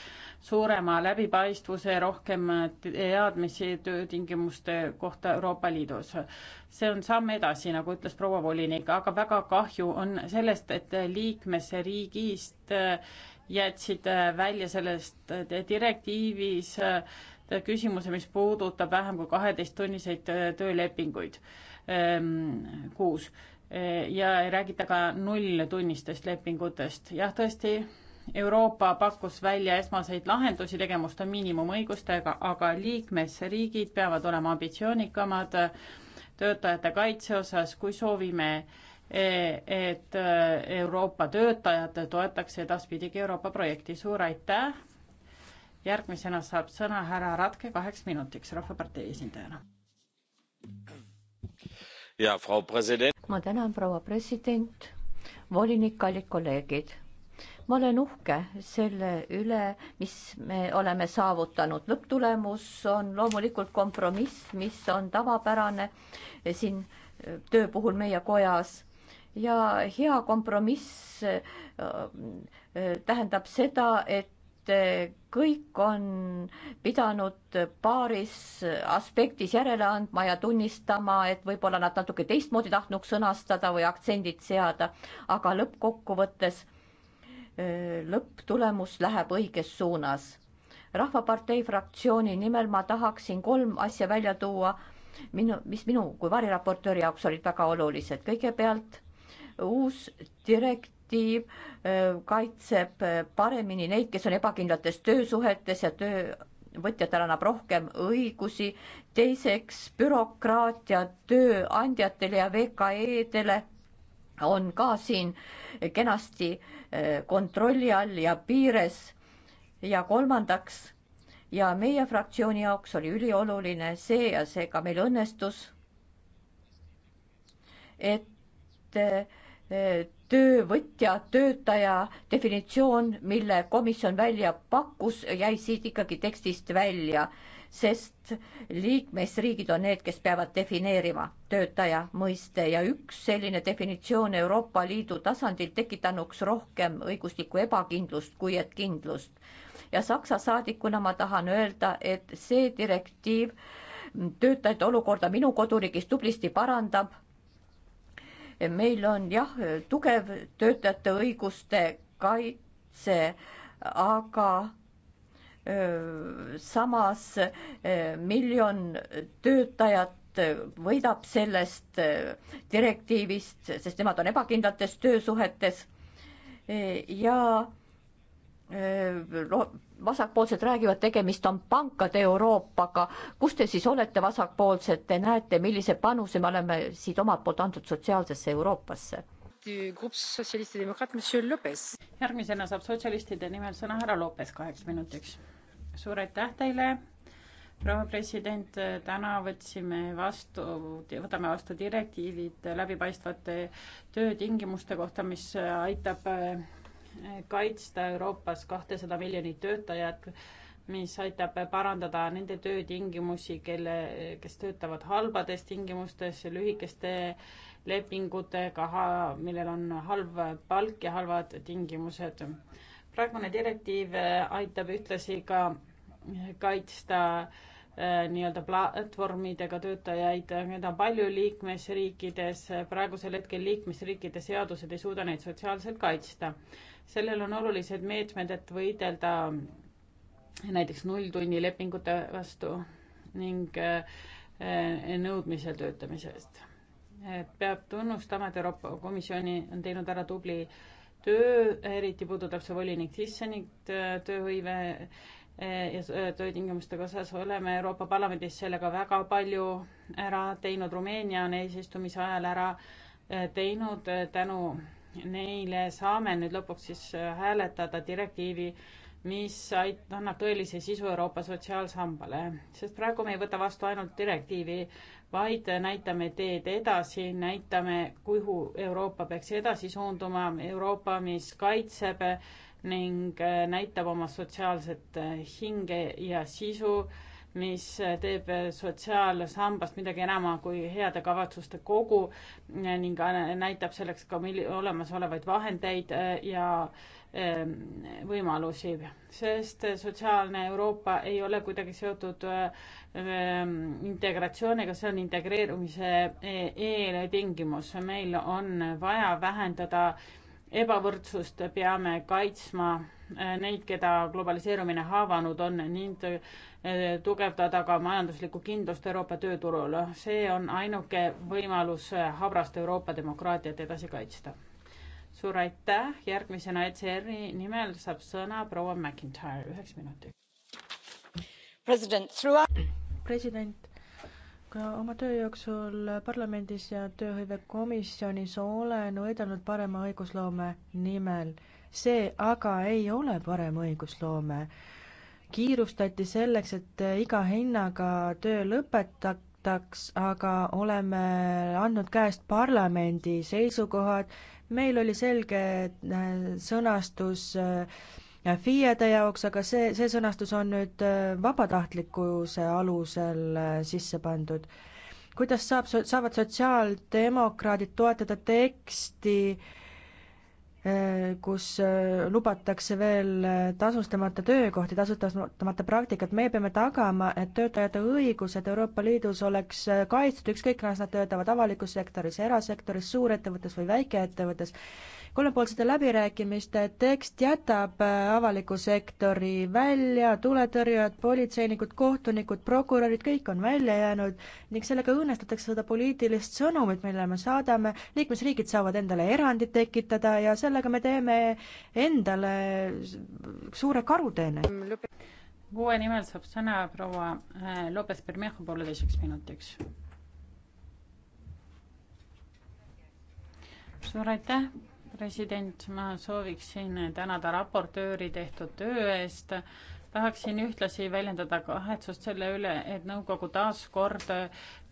suurema läbipaistvuse, rohkem teadmisi töötingimuste kohta Euroopa Liidus. see on samm edasi, nagu ütles proua volinik, aga väga kahju on sellest, et liikmesriigist jätsid välja sellest direktiivis küsimuse, mis puudutab vähem kui kaheteisttunniseid töölepinguid ehm, kuus ja ei räägita ka nulltunnistest lepingutest. jah, tõesti, Euroopa pakkus välja esmaseid lahendusi, tegemist on miinimumõigustega, aga liikmesriigid peavad olema ambitsioonikamad töötajate kaitse osas, kui soovime, e, et Euroopa töötajad toetaks edaspidigi Euroopa projekti. suur aitäh! järgmisena saab sõna härra Ratke kaheks minutiks Rahvapartei esindajana ma tänan, proua president, volinik, kallid kolleegid. ma olen uhke selle üle, mis me oleme saavutanud. lõpptulemus on loomulikult kompromiss, mis on tavapärane siin äh, töö puhul meie kojas ja hea kompromiss äh, äh, tähendab seda, et kõik on pidanud paaris aspektis järele andma ja tunnistama, et võib-olla nad natuke teistmoodi tahtnuks sõnastada või aktsendid seada, aga lõppkokkuvõttes lõpptulemus läheb õiges suunas. rahvapartei fraktsiooni nimel ma tahaksin kolm asja välja tuua, minu, mis minu kui variraportööri jaoks olid väga olulised. kõigepealt uus direkt-, direktiiv kaitseb paremini neid, kes on ebakindlates töösuhetes ja töövõtjatele annab rohkem õigusi. teiseks bürokraatia tööandjatele ja VKE-dele on ka siin kenasti kontrolli all ja piires. ja kolmandaks ja meie fraktsiooni jaoks oli ülioluline see ja seega meil õnnestus, et töövõtja, töötaja definitsioon, mille komisjon välja pakkus, jäi siit ikkagi tekstist välja, sest liikmesriigid on need, kes peavad defineerima töötaja mõiste ja üks selline definitsioon Euroopa Liidu tasandil tekitanuks rohkem õiguslikku ebakindlust kui et kindlust. ja Saksa saadikuna ma tahan öelda, et see direktiiv töötajate olukorda minu koduriigis tublisti parandab meil on jah, tugev töötajate õiguste kaitse, aga öö, samas öö, miljon töötajat võidab sellest direktiivist, sest nemad on ebakindlates töösuhetes ja vasakpoolsed räägivad, tegemist on pankade Euroopaga, kus te siis olete vasakpoolsed, te näete, millise panuse me oleme siit omalt poolt antud sotsiaalsesse Euroopasse? järgmisena saab sotsialistide nimel sõna härra Lopes kaheks minutiks. suur aitäh teile, proua president, täna võtsime vastu, võtame vastu direktiivid läbipaistvate töötingimuste kohta, mis aitab kaitsta Euroopas kahtesada miljonit töötajat, mis aitab parandada nende töötingimusi, kelle, kes töötavad halbades tingimustes, lühikeste lepingutega, millel on halb palk ja halvad tingimused. praegune direktiiv aitab ühtlasi ka kaitsta äh, nii-öelda platvormidega töötajaid, neid on palju liikmesriikides, praegusel hetkel liikmesriikide seadused ei suuda neid sotsiaalselt kaitsta sellel on olulised meetmed, et võidelda näiteks nulltunnilepingute vastu ning eh, nõudmisel töötamise eest. Eh, peab tunnustama, et Euroopa Komisjoni on teinud ära tubli töö, eriti puudutab see volinik Tissenit, eh, tööhõive ja töötingimuste osas oleme Euroopa Parlamendis sellega väga palju ära teinud, Rumeenia on eesistumise ajal ära teinud tänu neile saame nüüd lõpuks siis äh, hääletada direktiivi, mis ait-, annab tõelise sisu Euroopa sotsiaalsambale, sest praegu me ei võta vastu ainult direktiivi, vaid näitame teed edasi, näitame, kuhu Euroopa peaks edasi suunduma, Euroopa, mis kaitseb ning äh, näitab oma sotsiaalset äh, hinge ja sisu mis teeb sotsiaalsambast midagi enama kui heade kavatsuste kogu ning näitab selleks ka olemasolevaid vahendeid e, ja e, võimalusi, sest sotsiaalne Euroopa ei ole kuidagi seotud e, integratsiooniga, see on integreerumise eeltingimus. meil on vaja vähendada äh, ebavõrdsust, peame kaitsma neid, keda globaliseerumine haavanud on ning eh, tugevdada ka majanduslikku kindlust Euroopa tööturul. see on ainuke võimalus habrast Euroopa demokraatiat edasi kaitsta. suur aitäh, järgmisena ECR-i nimel saab sõna proua McIntyre, üheks minutiks. president, president oma töö jooksul parlamendis ja tööhõivekomisjonis olen võidelnud parema õigusloome nimel. see aga ei ole parem õigusloome. kiirustati selleks, et iga hinnaga töö lõpetataks, aga oleme andnud käest parlamendi seisukohad, meil oli selge äh, sõnastus äh, FIE-de jaoks, aga see, see sõnastus on nüüd äh, vabatahtlikkuse alusel äh, sisse pandud. kuidas saab, saavad sotsiaaldemokraadid toetada teksti, kus äh, lubatakse veel äh, tasustamata töökohti, tasustamata praktikat, me peame tagama, et töötajate õigused Euroopa Liidus oleks äh, kaitstud, ükskõik kas nad töötavad avalikus sektoris, erasektoris, suurettevõttes või väikeettevõttes. kolmepoolsete läbirääkimiste tekst jätab avaliku sektori välja, tuletõrjujad, politseinikud, kohtunikud, prokurörid, kõik on välja jäänud ning sellega õõnestatakse seda poliitilist sõnumit, mille me saadame, liikmesriigid saavad endale erandid tekitada ja selle sellega me teeme endale suure karuteene. uue nimel saab sõna proua äh, Lopez Bermejo pooleteiseks minutiks. suur aitäh, president, ma sooviksin tänada raportööri tehtud töö eest tahaksin ühtlasi väljendada kahetsust selle üle, et nõukogu taas kord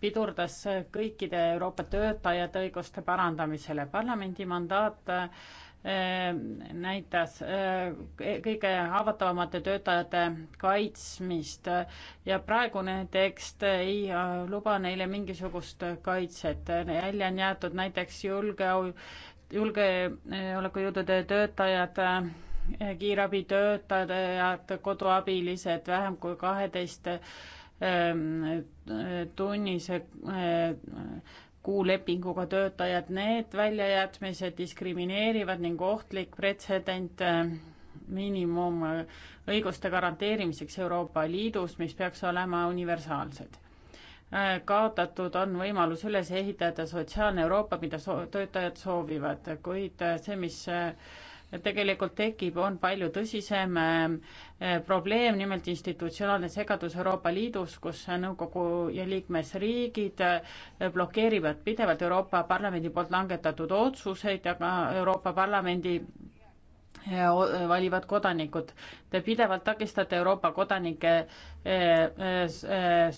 pidurdas kõikide Euroopa töötajate õiguste parandamisele. parlamendi mandaat Ehm, näitas ehm, kõige haavatavamate töötajate kaitsmist ja praegune tekst ei äh, luba neile mingisugust kaitset. välja on jäetud näiteks julge, julgeolekujõudude töötajad, äh, kiirabitöötajad, koduabilised vähem kui kaheteist ehm, tunnise kuulepinguga töötajad, need väljajätmised diskrimineerivad ning ohtlik pretsedent äh, miinimumõiguste garanteerimiseks Euroopa Liidus, mis peaks olema universaalsed. Äh, kaotatud on võimalus üles ehitada sotsiaalne Euroopa, mida so-, töötajad soovivad, kuid äh, see, mis tegelikult tekib, on palju tõsisem äh, äh, probleem, nimelt institutsionaalne segadus Euroopa Liidus, kus nõukogu ja liikmesriigid äh, blokeerivad pidevalt Euroopa Parlamendi poolt langetatud otsuseid ja ka Euroopa Parlamendi valivad kodanikud. Te pidevalt takistate Euroopa kodanike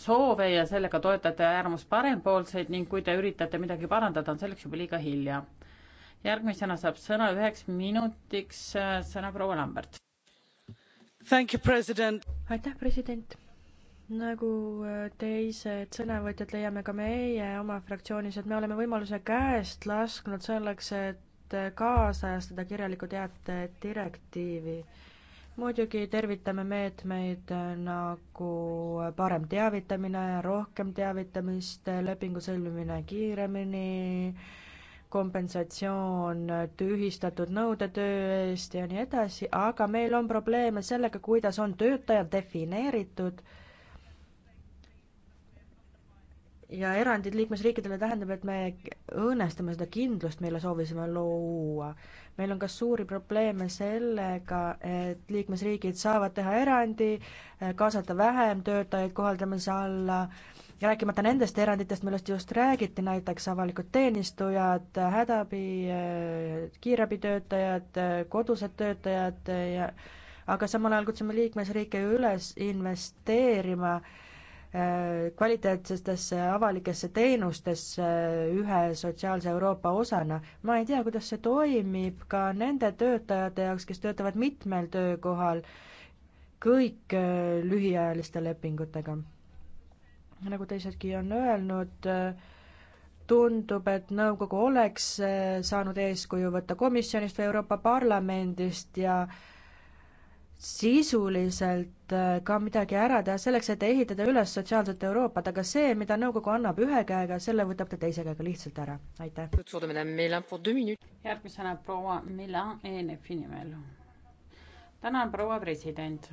soove ja sellega toetate äärmus parempoolseid ning kui te üritate midagi parandada, on selleks juba liiga hilja järgmisena saab sõna üheks minutiks äh, sõna proua Lambert. aitäh, president nagu äh, teised sõnavõtjad, leiame ka meie oma fraktsioonis, et me oleme võimaluse käest lasknud selleks, et äh, kaasajastada kirjaliku teate direktiivi. muidugi tervitame meetmeid nagu parem teavitamine, rohkem teavitamist, lepingu sõlmimine kiiremini, kompensatsioon tühistatud nõudetöö eest ja nii edasi, aga meil on probleeme sellega, kuidas on töötaja defineeritud ja erandid liikmesriikidele tähendab, et me õõnestame seda kindlust, mille soovisime luua. meil on ka suuri probleeme sellega, et liikmesriigid saavad teha erandi, kaasata vähem töötajaid kohaldamise alla äh,, ja rääkimata nendest eranditest, millest just räägiti, näiteks avalikud teenistujad, hädaabi, eh, kiirabitöötajad, eh, kodused töötajad eh, ja aga samal ajal kutsume liikmesriike ju üles investeerima kvaliteetsetesse avalikesse teenustesse ühe sotsiaalse Euroopa osana. ma ei tea, kuidas see toimib ka nende töötajate jaoks, kes töötavad mitmel töökohal, kõik lühiajaliste lepingutega nagu teisedki on öelnud, tundub, et nõukogu oleks eh, saanud eeskuju võtta komisjonist või Euroopa Parlamendist ja sisuliselt eh, ka midagi ära teha selleks, et ehitada üles sotsiaalset Euroopat, aga see, mida nõukogu annab ühe käega, selle võtab ta teise käega lihtsalt ära. aitäh. järgmisena proua Milan ENF-i nimel. tänan, proua president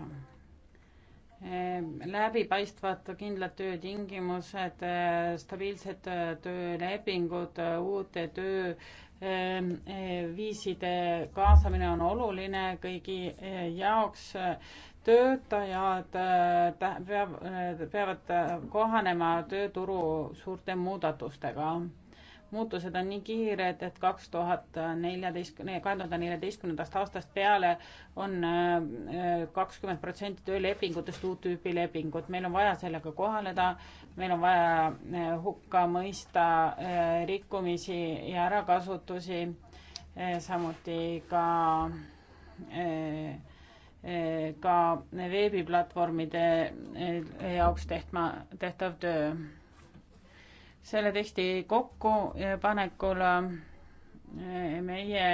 Ehm, läbipaistvad kindlad töötingimused, eh, stabiilsed eh, töölepingud, eh, uute tööviiside ehm, kaasamine on oluline kõigi jaoks. töötajad peavad kohanema tööturu suurte muudatustega muutused on nii kiired, et kaks tuhat neljateistkümne, kahe tuhande neljateistkümnendast aastast peale on äh, kakskümmend protsenti töölepingutest uut tüüpi lepingud. meil on vaja sellega kohaneda, meil on vaja äh, hukka mõista äh, rikkumisi ja ärakasutusi, samuti ka ka veebiplatvormide jaoks tehtma, tehtav töö selle teksti kokkupanekul meie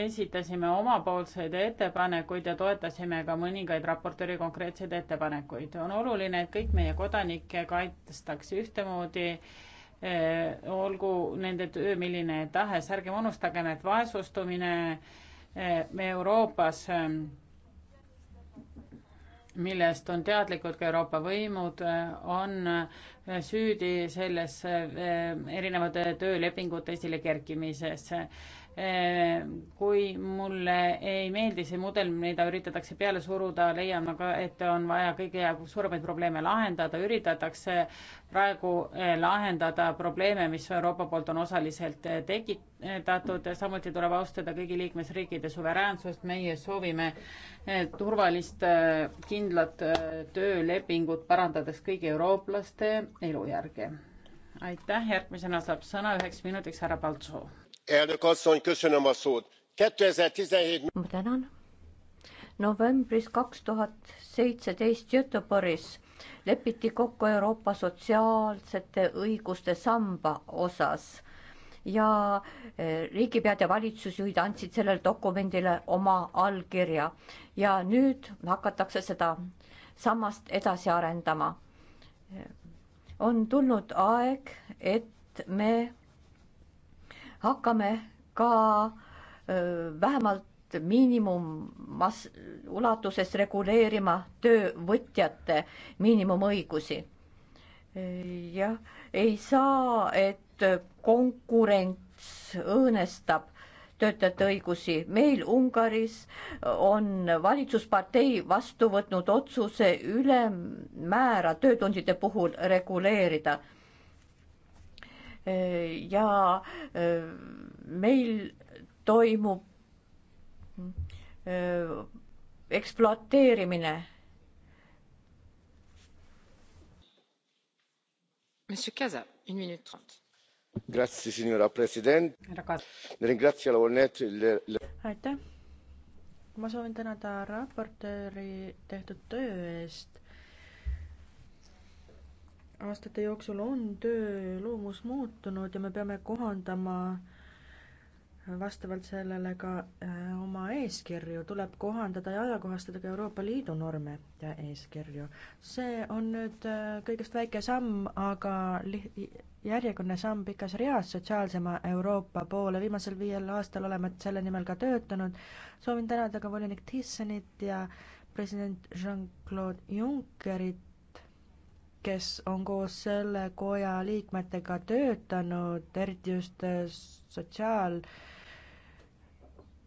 esitasime omapoolseid ettepanekuid ja toetasime ka mõningaid raportööri konkreetseid ettepanekuid. on oluline, et kõik meie kodanikke kaitstakse ühtemoodi eh,, olgu nende töö milline tahes, ärgem unustagem, et vaesustumine eh, Euroopas eh, millest on teadlikud ka Euroopa võimud, eh, on eh, süüdi selles eh, erinevate töölepingute esile kerkimises. Ehm, kui mulle ei meeldi see mudel, mida üritatakse peale suruda, leian ma ka, et on vaja kõige suuremaid probleeme lahendada, üritatakse praegu eh, lahendada probleeme, mis Euroopa poolt on osaliselt eh, tekitatud, samuti tuleb austada kõigi liikmesriikide suveräänsust, meie soovime eh, turvalist, kindlat töölepingut, parandades kõigi eurooplaste elujärge. aitäh, järgmisena saab sõna üheks minutiks härra Paltsu elnök asszony! novembris kaks tuhat seitseteist göteborgis lepiti kokku euroopa sotsiaalsete õiguste samba osas ja eh, riigipead ja valitsusjuhid andsid sellele dokumendile oma allkirja ja nüüd hakatakse seda sammast edasi arendama. Eh, on tulnud aeg, et me hakkame ka vähemalt miinimummas ulatuses reguleerima töövõtjate miinimumõigusi. jah, ei saa, et konkurents õõnestab töötajate õigusi. meil Ungaris on valitsuspartei vastu võtnud otsuse ülemmäära töötundide puhul reguleerida ja e, meil toimub e, ekspluateerimine. signora president ringrazio l'olnet aitäh ma soovin tänada raportööri tehtud töö eest aastate jooksul on töö loomus muutunud ja me peame kohandama vastavalt sellele ka äh, oma eeskirju tuleb kohandada ja ajakohastada ka Euroopa Liidu norme ja eeskirju. see on nüüd äh, kõigest väike samm, aga järjekordne samm pikas reas sotsiaalsema Euroopa poole. viimasel viiel aastal oleme selle nimel ka töötanud. soovin tänada ka volinik Thyssenit ja president Jean-Claude Junckerit kes on koos selle koja liikmetega töötanud, eriti just äh, sotsiaal-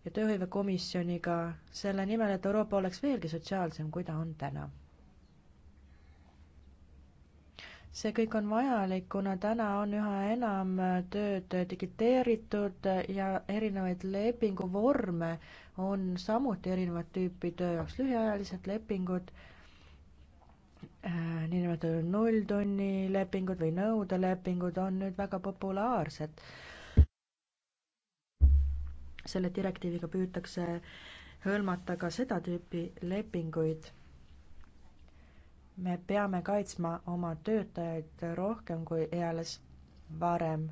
ja tööhõivekomisjoniga, selle nimel, et Euroopa oleks veelgi sotsiaalsem, kui ta on täna. see kõik on vajalik, kuna täna on üha enam äh, tööd digiteeritud ja erinevaid lepinguvorme on samuti erinevat tüüpi töö jaoks, lühiajalised lepingud Äh, niinimetatud nulltonni lepingud või nõudelepingud on nüüd väga populaarsed. selle direktiiviga püütakse hõlmata ka seda tüüpi lepinguid. me peame kaitsma oma töötajaid rohkem kui eales varem.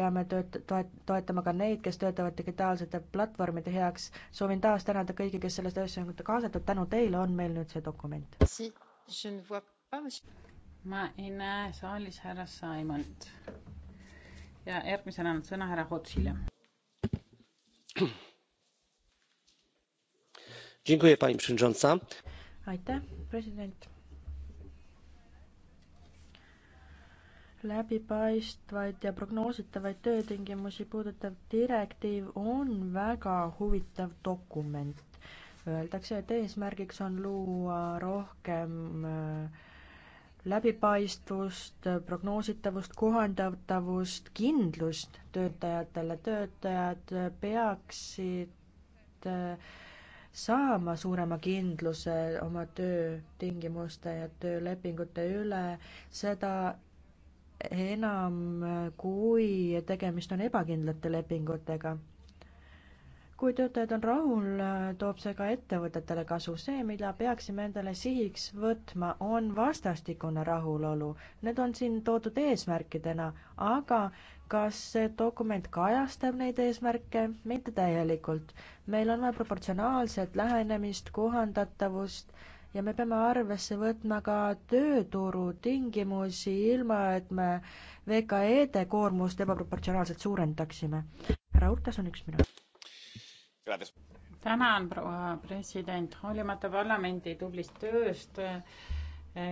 peame tööt-, toet-, toetama ka neid, kes töötavad digitaalsete platvormide heaks. soovin taas tänada kõiki, kes sellesse asja on kaasatud. tänu teile on meil nüüd see dokument ma ei näe saalis härra Simonit ja järgmisena on sõna härra Hotsile. aitäh, president. läbipaistvaid ja prognoositavaid töötingimusi puudutav direktiiv on väga huvitav dokument Öeldakse, et eesmärgiks on luua rohkem äh, läbipaistvust, prognoositavust, kohandatavust, kindlust töötajatele. töötajad peaksid äh, saama suurema kindluse oma töötingimuste ja töölepingute üle, seda enam, äh, kui tegemist on ebakindlate lepingutega kui töötajad on rahul, toob see ka ettevõtetele kasu. see, mida peaksime endale sihiks võtma, on vastastikune rahulolu. Need on siin toodud eesmärkidena, aga kas see dokument kajastab neid eesmärke? mitte täielikult. meil on vaja proportsionaalset lähenemist, kohandatavust ja me peame arvesse võtma ka tööturu tingimusi, ilma et me VKE-de koormust ebaproportsionaalselt suurendaksime. härra Urtas on üks minut tänan, proua president, hoolimata parlamendi tublist tööst eh,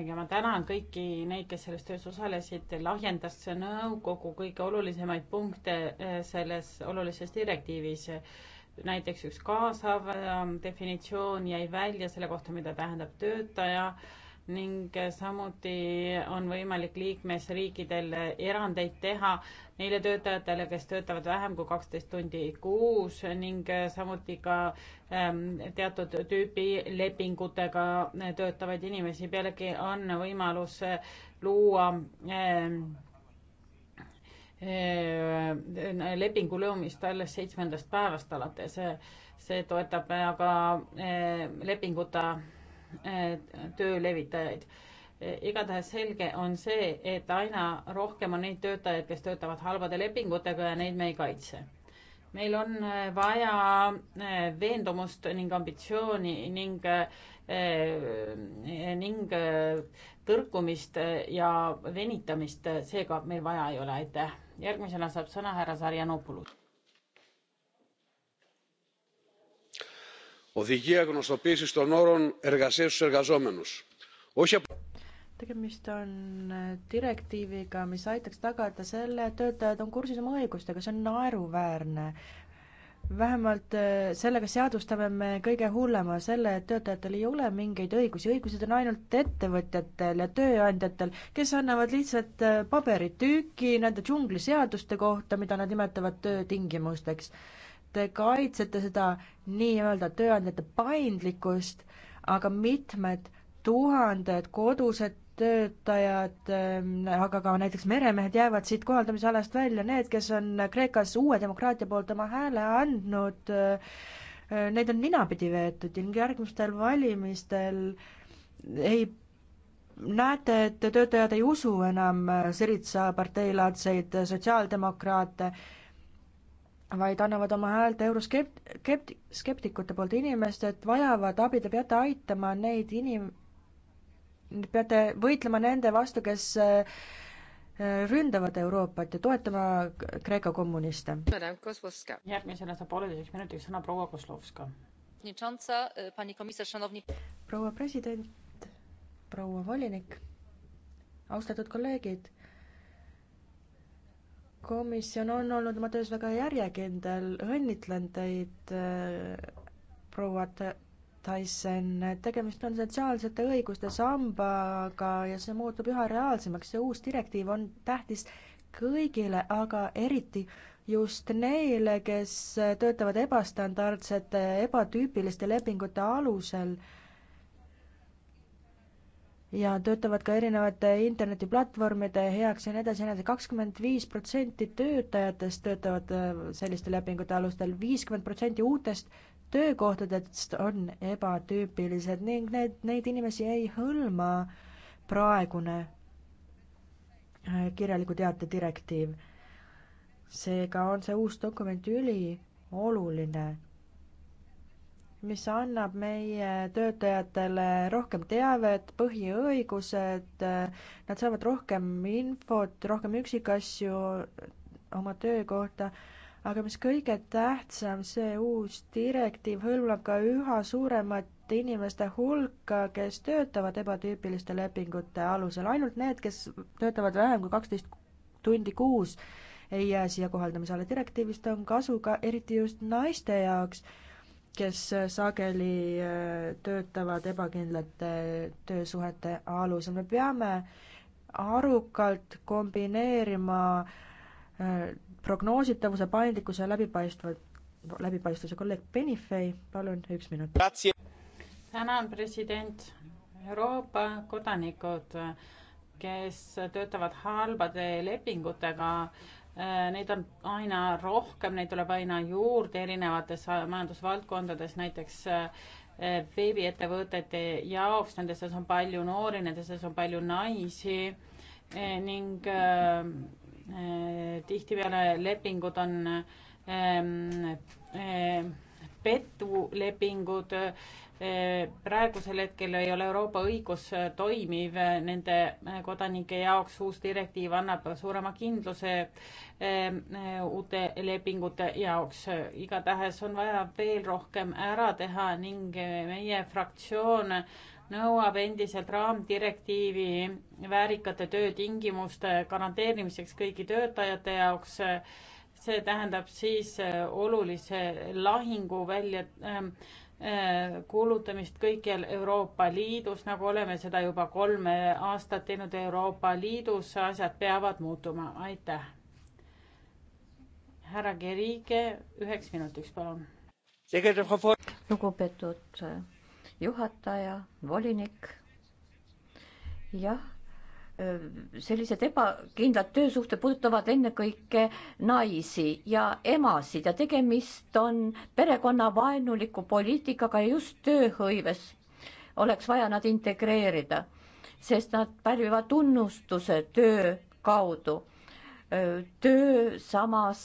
ja ma tänan kõiki neid, kes selles töös osalesid, lahjendas see nõukogu kõige olulisemaid punkte eh, selles olulises direktiivis. näiteks üks kaasav eh, definitsioon jäi välja selle kohta, mida tähendab töötaja ning samuti on võimalik liikmesriikidel erandeid teha neile töötajatele, kes töötavad vähem kui kaksteist tundi kuus ning samuti ka ähm, teatud tüüpi lepingutega töötavaid inimesi. pealegi on võimalus luua ähm, äh, lepingu lõõmist alles seitsmendast päevast alates. see toetab aga äh, lepinguta Äh, töö levitajaid. igatahes selge on see, et aina rohkem on neid töötajaid, kes töötavad halbade lepingutega ja neid me ei kaitse meil on äh, vaja äh, veendumust ning ambitsiooni ning ning tõrkumist ja venitamist, seega meil vaja ei ole, aitäh. järgmisena saab sõna härra Sarjanopulu. οδηγία γνωστοποίησης των όρων εργασίας στους εργαζόμενους. Όχι tegemist on äh, direktiiviga, mis aitaks tagada selle, et töötajad on kursis oma õigustega, see on naeruväärne. vähemalt äh, sellega seadustame me kõige hullema, selle, et töötajatel ei ole mingeid õigusi, õigused on ainult ettevõtjatel ja tööandjatel, kes annavad lihtsalt äh, paberitüüki nende džungliseaduste kohta, mida nad nimetavad töötingimusteks te kaitsete seda nii-öelda tööandjate paindlikkust, aga mitmed tuhanded kodused töötajad, ähm, aga ka näiteks meremehed jäävad siit kohaldamisalast välja, need, kes on Kreekas uue demokraatia poolt oma hääle andnud, äh, neid on ninapidi veetud ning järgmistel valimistel ei näete, et töötajad ei usu enam Siritsa parteilaadseid sotsiaaldemokraate vaid annavad oma häält euroskept-, kept-, skeptikute poolt. inimesed vajavad abi, te peate aitama neid inim-, peate võitlema nende vastu, kes äh, ründavad Euroopat ja toetama Kreeka kommuniste. järgmisena saab pooleteiseks minutiks sõna proua Kozlovska. E, proua president, proua volinik, austatud kolleegid komisjon on olnud oma töös väga järjekindel, õnnitlen teid, äh, proua Tyson, tegemist on sotsiaalsete õiguste sambaga ja see muutub üha reaalsemaks, see uus direktiiv on tähtis kõigile, aga eriti just neile, kes töötavad ebastandardselt, ebatüüpiliste lepingute alusel ja töötavad ka erinevate internetiplatvormide heaks ja nii edasi ja nii edasi. kakskümmend viis protsenti töötajatest töötavad äh, selliste lepingute alustel, viiskümmend protsenti uutest töökohtadest on ebatüüpilised ning need, neid inimesi ei hõlma praegune äh, kirjaliku teate direktiiv. seega on see uus dokument ülioluline mis annab meie töötajatele rohkem teavet, põhiõigused, nad saavad rohkem infot, rohkem üksikasju oma töö kohta, aga mis kõige tähtsam, see uus direktiiv hõlmab ka üha suuremat inimeste hulka, kes töötavad ebatüüpiliste lepingute alusel, ainult need, kes töötavad vähem kui kaksteist tundi kuus, ei jää siia kohaldamisala. direktiivist on kasu ka eriti just naiste jaoks kes sageli äh, töötavad ebakindlate töösuhete alusel. me peame arukalt kombineerima äh, prognoositavuse, paindlikkuse ja läbipaistvuse, läbipaistvuse. kolleeg Benifei, palun üks minut. tänan, president. Euroopa kodanikud, kes töötavad halbade lepingutega, Äh, neid on aina rohkem, neid tuleb aina juurde erinevates majandusvaldkondades, näiteks äh, veebiettevõtete jaoks, nende seas on palju noori, nende seas on palju naisi äh, ning tihtipeale lepingud on ähm, petulepingud praegusel hetkel ei ole Euroopa õigus toimiv nende kodanike jaoks, uus direktiiv annab suurema kindluse ehm, uute lepingute jaoks. igatahes on vaja veel rohkem ära teha ning meie fraktsioon nõuab endiselt raamdirektiivi väärikate töötingimuste garanteerimiseks kõigi töötajate jaoks. see tähendab siis olulise lahingu välja ähm, Äh, kuulutamist kõikjal Euroopa Liidus, nagu oleme seda juba kolm aastat teinud Euroopa Liidus, asjad peavad muutuma, aitäh. härra Gerige, üheks minutiks, palun. lugupeetud äh, juhataja, volinik. jah sellised ebakindlad töösuhted puudutavad ennekõike naisi ja emasid ja tegemist on perekonnavaenuliku poliitikaga ja just tööhõives oleks vaja nad integreerida, sest nad pälvivad tunnustuse töö kaudu. töö samas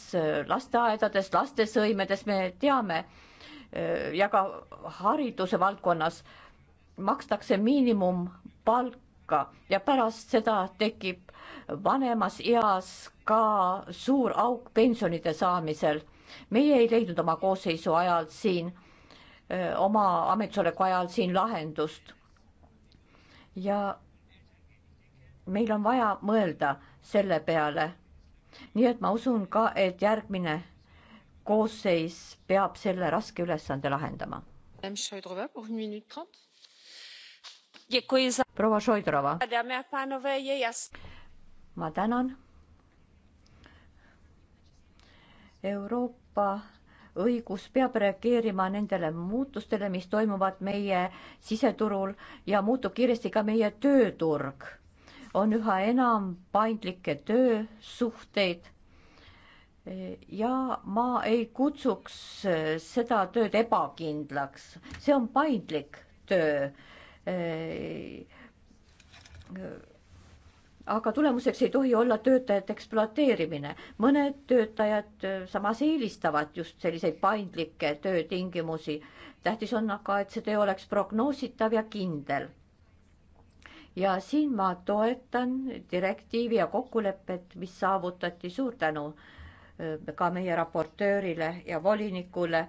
lasteaedades, lastesõimedes, me teame ja ka hariduse valdkonnas makstakse miinimumpalka ikka ja pärast seda tekib vanemas eas ka suur auk pensionide saamisel. meie ei leidnud oma koosseisu ajal siin, oma ametisoleku ajal siin lahendust. ja meil on vaja mõelda selle peale. nii et ma usun ka, et järgmine koosseis peab selle raske ülesande lahendama proua Šoidrova. ma tänan. Euroopa õigus peab reageerima nendele muutustele, mis toimuvad meie siseturul ja muutub kiiresti ka meie tööturg. on üha enam paindlikke töösuhteid. ja ma ei kutsuks seda tööd ebakindlaks, see on paindlik töö Äh, aga tulemuseks ei tohi olla töötajate ekspluateerimine. mõned töötajad äh, samas eelistavad just selliseid paindlikke töötingimusi. tähtis on aga, et see töö oleks prognoositav ja kindel. ja siin ma toetan direktiivi ja kokkulepet, mis saavutati. suur tänu äh, ka meie raportöörile ja volinikule